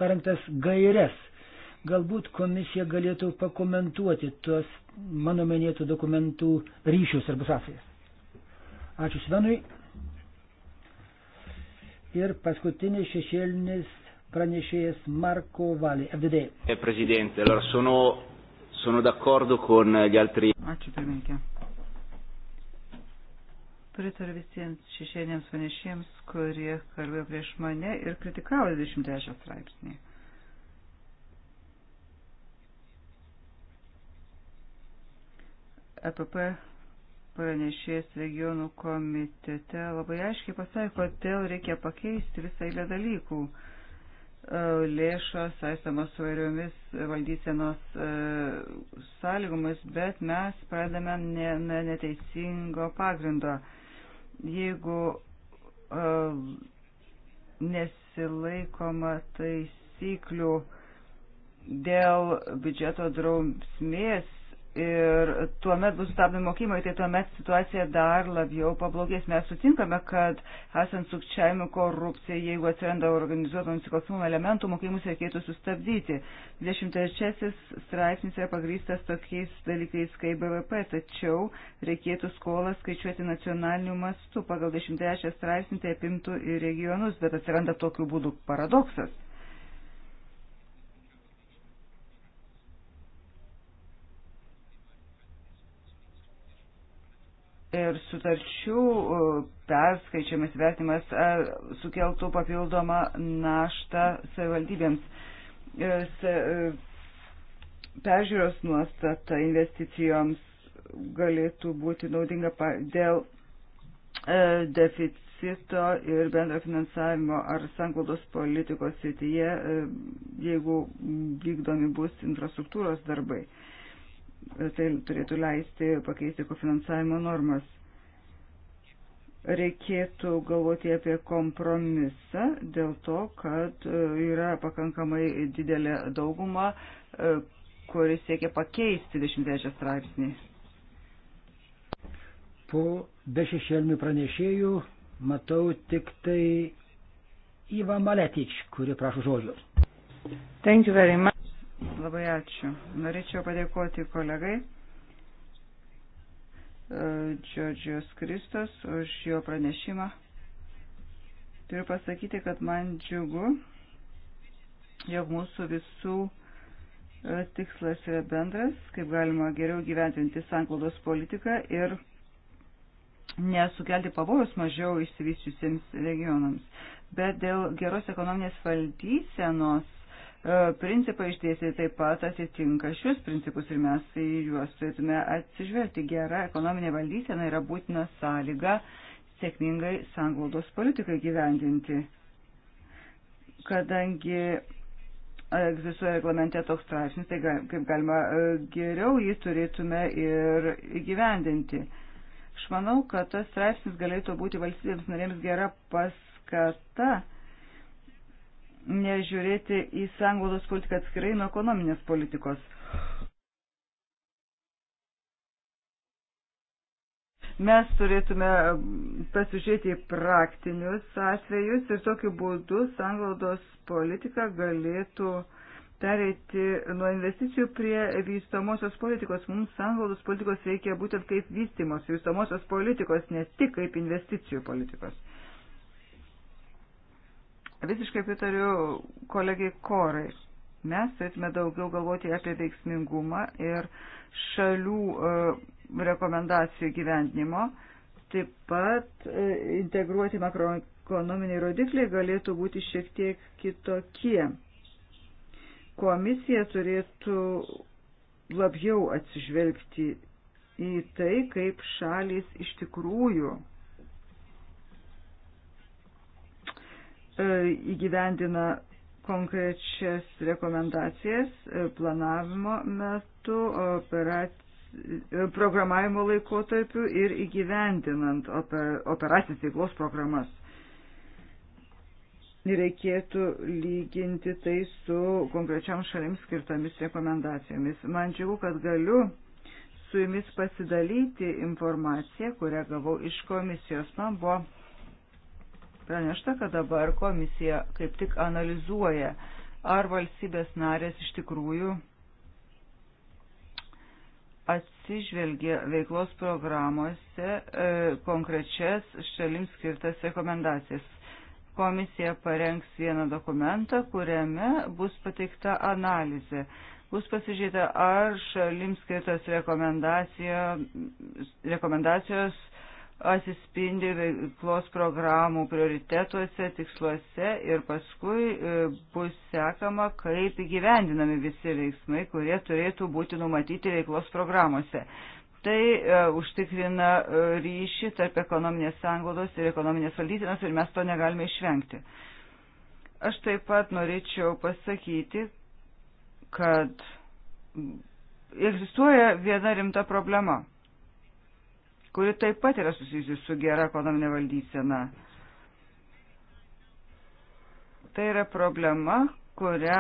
parengtas gairias. Galbūt komisija galėtų pakomentuoti tuos mano minėtų dokumentų ryšius arba sąsajas. Ačiū Svenui. Ir paskutinis šešėlinis pranešėjas Marko Valį, FDD. Eh, Prezidentė, allora sono, sono d'accordo con gli altri. Ačiū, pirmininkė. Pritariu visiems šešėniams pranešėjams, kurie kalbėjo prieš mane ir kritikavo 23 straipsnį. EPP pranešėjas regionų komitete labai aiškiai pasakė, kodėl reikia pakeisti visą eilę dalykų. E, lėšos saistamos su vairiomis valdysenos e, sąlygomis, bet mes pradame ne, ne, neteisingo pagrindo. Jeigu e, nesilaikoma taisyklių dėl biudžeto drausmės ir tuomet bus stabdomi mokymai, tai tuomet situacija dar labiau pablogės. Mes sutinkame, kad esant sukčiavimui korupcijai, jeigu atsiranda organizuoto nusikalstamumo elementų, mokymus reikėtų sustabdyti. 23 straipsnis yra pagrystas tokiais dalykais kaip BVP, tačiau reikėtų skolą skaičiuoti nacionaliniu mastu. Pagal 23 straipsnį tai apimtų ir regionus, bet atsiranda tokiu būdu paradoksas ir sutarčių perskaičiamas vertimas sukeltų papildomą naštą savivaldybėms. E, peržiūros nuostata investicijoms galėtų būti naudinga dėl e, deficito ir bendro finansavimo ar sanglaudos politikos srityje, e, jeigu vykdomi bus infrastruktūros darbai tai turėtų leisti pakeisti kofinansavimo normas. Reikėtų galvoti apie kompromisą dėl to, kad e, yra pakankamai didelė dauguma, e, kuris siekia pakeisti 23 straipsnį. Po be šešėlinių pranešėjų matau tik tai Iva Maletič, kuri prašo žodžio. Thank you very much. Labai ačiū. Norėčiau padėkoti kolegai e, Džodžios Kristos už jo pranešimą. Turiu pasakyti, kad man džiugu, jog mūsų visų e, tikslas yra bendras, kaip galima geriau gyventinti sanklaudos politiką ir nesukelti pavojus mažiau išsivyščiusiems regionams. Bet dėl geros ekonominės valdysenos E, principai išdėstyti taip pat atitinka šios principus ir mes į juos turėtume atsižvelgti. Gera ekonominė valdysena yra būtina sąlyga sėkmingai sanglaudos politikai gyvendinti. Kadangi egzistuoja reglamente toks straipsnis, tai kaip galima e, geriau jį turėtume ir gyvendinti. Aš manau, kad tas straipsnis galėtų būti valstybėms narėms gera paskata nežiūrėti į sanglaudos politiką atskirai nuo ekonominės politikos. Mes turėtume pasižiūrėti į praktinius atvejus ir tokiu būdu sanglaudos politika galėtų pereiti nuo investicijų prie vystomosios politikos. Mums sanglaudos politikos reikia būtent kaip vystimos vystomosios politikos, ne tik kaip investicijų politikos. Visiškai pritariu kolegiai Korai. Mes turėtume daugiau galvoti apie veiksmingumą ir šalių e, rekomendacijų gyvendinimo. Taip pat e, integruoti makroekonominiai rodikliai galėtų būti šiek tiek kitokie. Komisija turėtų labiau atsižvelgti į tai, kaip šalis iš tikrųjų E, įgyvendina konkrečias rekomendacijas e, planavimo metu, operacijų e, programavimo laikotarpiu ir įgyvendinant operacijos veiklos programas. Reikėtų lyginti tai su konkrečiam šalims skirtomis rekomendacijomis. Man džiugu, kad galiu su jumis pasidalyti informaciją, kurią gavau iš komisijos. Man buvo pranešta, kad dabar komisija kaip tik analizuoja, ar valstybės narės iš tikrųjų atsižvelgia veiklos programuose e, konkrečias šalims skirtas rekomendacijas. Komisija parengs vieną dokumentą, kuriame bus pateikta analizė. Bus pasižiūrėta, ar šalims skirtas rekomendacijos atsispindi veiklos programų prioritetuose, tiksluose ir paskui e, bus sekama, kaip įgyvendinami visi veiksmai, kurie turėtų būti numatyti veiklos programuose. Tai e, užtikrina e, ryšį tarp ekonominės sąnglaudos ir ekonominės valdytinos ir mes to negalime išvengti. Aš taip pat norėčiau pasakyti, kad egzistuoja viena rimta problema – kuri taip pat yra susijusi su gera ekonominė valdysena. Tai yra problema, kurią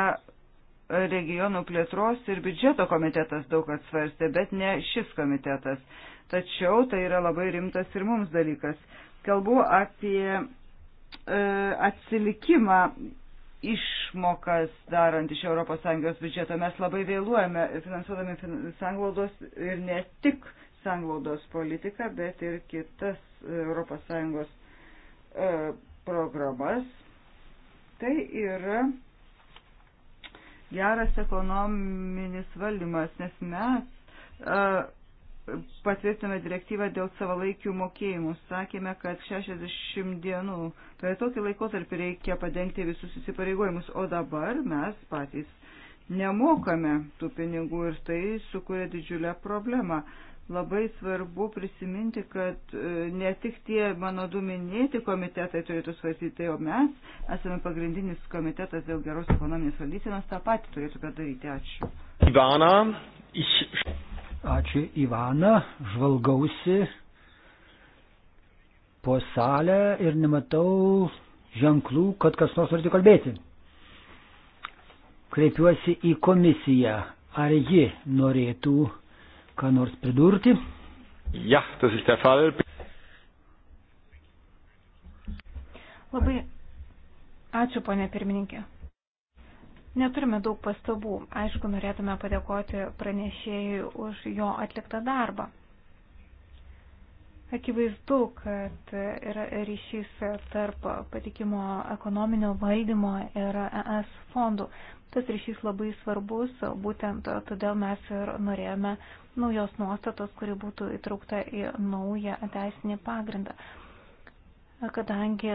regionų plėtros ir biudžeto komitetas daug atsvarstė, bet ne šis komitetas. Tačiau tai yra labai rimtas ir mums dalykas. Kalbu apie e, atsilikimą išmokas darant iš ES biudžeto. Mes labai vėluojame finansuodami sanglaudos ir ne tik sanglaudos politiką, bet ir kitas ES e, programas. Tai yra geras ekonominis valdymas, nes mes e, patvirtiname direktyvą dėl savalaikių mokėjimų. Sakėme, kad 60 dienų per tokį laikotarpį reikia padengti visus įsipareigojimus, o dabar mes patys nemokame tų pinigų ir tai sukuria didžiulę problemą labai svarbu prisiminti, kad e, ne tik tie mano du minėti komitetai turėtų svarstyti, tai o mes esame pagrindinis komitetas dėl geros ekonominės valdysenos, tą patį turėtų padaryti. Ačiū. Ivana, iš. Ačiū Ivana, žvalgausi po salę ir nematau ženklų, kad kas nors norėtų kalbėti. Kreipiuosi į komisiją, ar ji norėtų ką nors pridurti? Ja, das ist der Fall. Labai ačiū, ponė pirmininkė. Neturime daug pastabų. Aišku, norėtume padėkoti pranešėjui už jo atliktą darbą. Akivaizdu, kad yra ryšys tarp patikimo ekonominio valdymo ir ES fondų. Tas ryšys labai svarbus, būtent todėl mes ir norėjome naujos nuostatos, kuri būtų įtraukta į naują teisinį pagrindą. Kadangi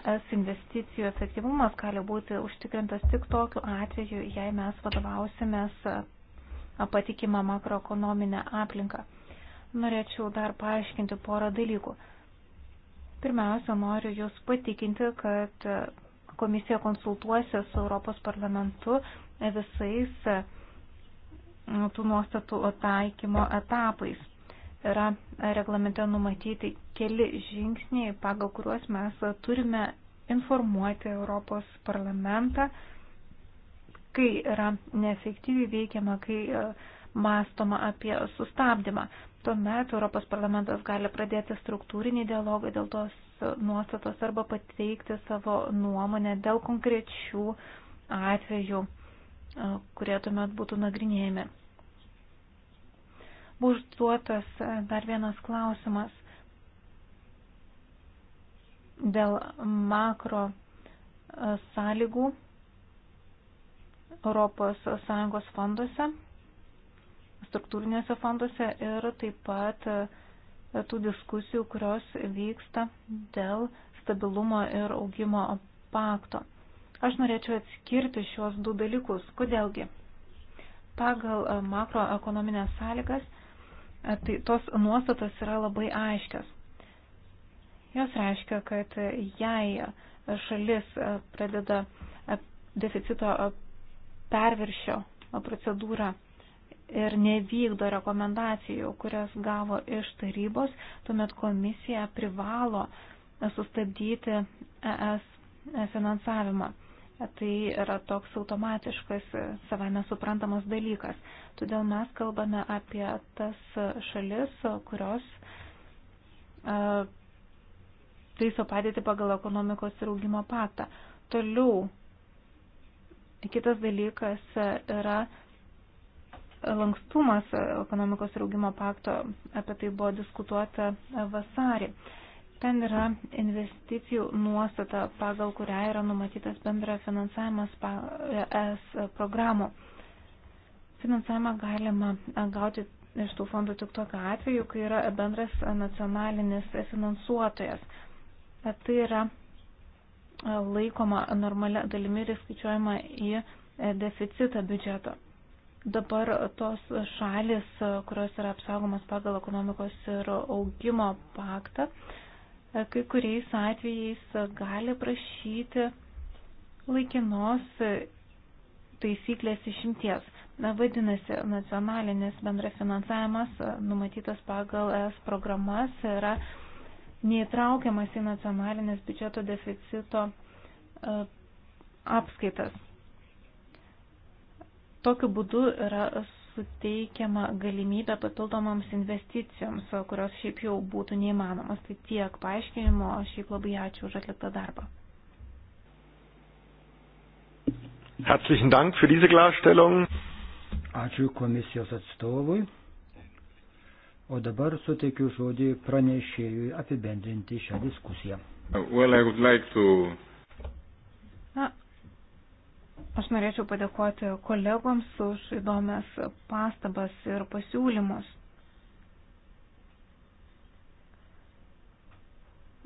ES investicijų efektyvumas gali būti užtikrintas tik tokiu atveju, jei mes vadovausimės patikimą makroekonominę aplinką. Norėčiau dar paaiškinti porą dalykų. Pirmiausia, noriu Jūs patikinti, kad komisija konsultuosi su Europos parlamentu visais mm, tų nuostatų taikymo etapais. Yra reglamente numatyti keli žingsniai, pagal kuriuos mes turime informuoti Europos parlamentą, kai yra neefektyviai veikiama, kai e, mąstoma apie sustabdymą. Tuomet Europos parlamentas gali pradėti struktūrinį dialogą dėl tos nuostatos arba pateikti savo nuomonę dėl konkrečių atvejų, kurie tuomet būtų nagrinėjami. Buvo užduotas dar vienas klausimas dėl makro sąlygų ES fonduose, struktūrinėse fonduose ir taip pat tų diskusijų, kurios vyksta dėl stabilumo ir augimo pakto. Aš norėčiau atskirti šios du dalykus. Kodėlgi? Pagal e, makroekonominės sąlygas e, tai tos nuostatos yra labai aiškios. Jos reiškia, kad jei šalis e, pradeda deficito perviršio procedūrą ir nevykdo rekomendacijų, kurias gavo iš tarybos, tuomet komisija privalo sustabdyti ES finansavimą. Tai yra toks automatiškas, savai nesuprantamas dalykas. Todėl mes kalbame apie tas šalis, kurios e, taiso padėti pagal ekonomikos ir augimo paktą. Toliau, kitas dalykas yra lankstumas ekonomikos ir augimo pakto, apie tai buvo diskutuota vasarį. Ten yra investicijų nuostata, pagal kurią yra numatytas bendra finansavimas ES programų. Finansavimą galima gauti iš tų fondų tik tokio atveju, kai yra bendras nacionalinis finansuotojas. Tai yra laikoma normalia dalimi ir skaičiuojama į deficitą biudžeto. Dabar tos šalis, kurios yra apsaugomas pagal ekonomikos ir augimo paktą, kai kuriais atvejais gali prašyti laikinos taisyklės išimties. Vadinasi, nacionalinis bendrafinansavimas numatytas pagal ES programas yra neįtraukiamas į nacionalinės biudžeto deficito e, apskaitas. Tokiu būdu yra suteikiama galimybė papildomams investicijoms, kurios šiaip jau būtų neįmanomas. Tai tiek paaiškinimo, šiaip labai ačiū už atliktą darbą. Herzlichen Dank für diese Klarstellung. Ačiū komisijos atstovui. O dabar suteikiu žodį pranešėjui apibendrinti šią diskusiją. Well, like to... Na, Aš norėčiau padėkoti kolegoms už įdomias pastabas ir pasiūlymus.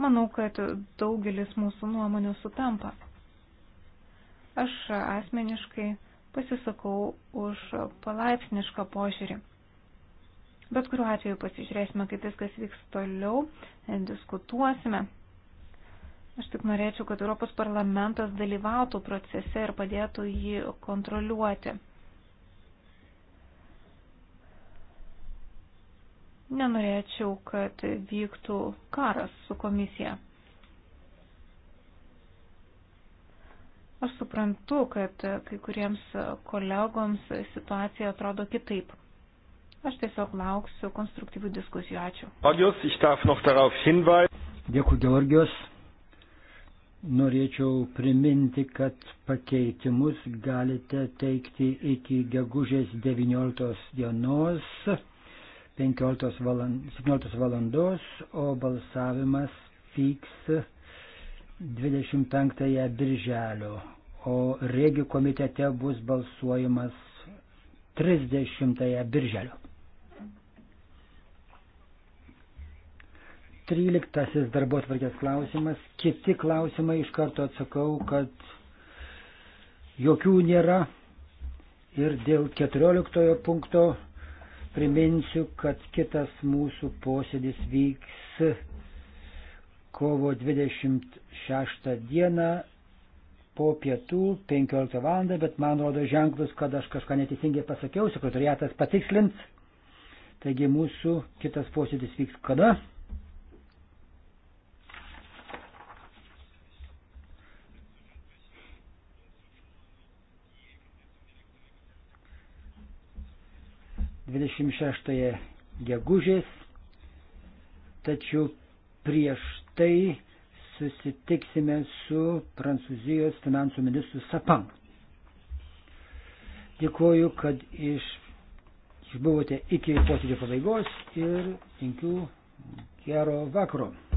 Manau, kad daugelis mūsų nuomonių sutampa. Aš asmeniškai pasisakau už palaipsnišką požiūrį. Bet kuriuo atveju pasižiūrėsime, kaip viskas vyks toliau, diskutuosime, Aš tik norėčiau, kad Europos parlamentas dalyvautų procese ir padėtų jį kontroliuoti. Nenorėčiau, kad vyktų karas su komisija. Aš suprantu, kad kai kuriems kolegoms situacija atrodo kitaip. Aš tiesiog lauksiu konstruktyvių diskusijų. Ačiū. Dėkui, Georgijos norėčiau priminti, kad pakeitimus galite teikti iki gegužės 19 dienos 15 valand, 17 valandos, o balsavimas vyks 25 birželio, o regių komitete bus balsuojamas 30 birželio. 13 darbo atvarkės klausimas. Kiti klausimai iš karto atsakau, kad jokių nėra. Ir dėl 14 punkto priminsiu, kad kitas mūsų posėdis vyks kovo 26 dieną po pietų 15 val. Bet man rodo ženklus, kad aš kažką neteisingai pasakiau, sekretariatas patikslins. Taigi mūsų kitas posėdis vyks kada? 26 gegužės, tačiau prieš tai susitiksime su Prancūzijos finansų ministru Sapang. Dėkuoju, kad iš, išbuvote iki posėdžio pabaigos ir linkiu gero vakaro.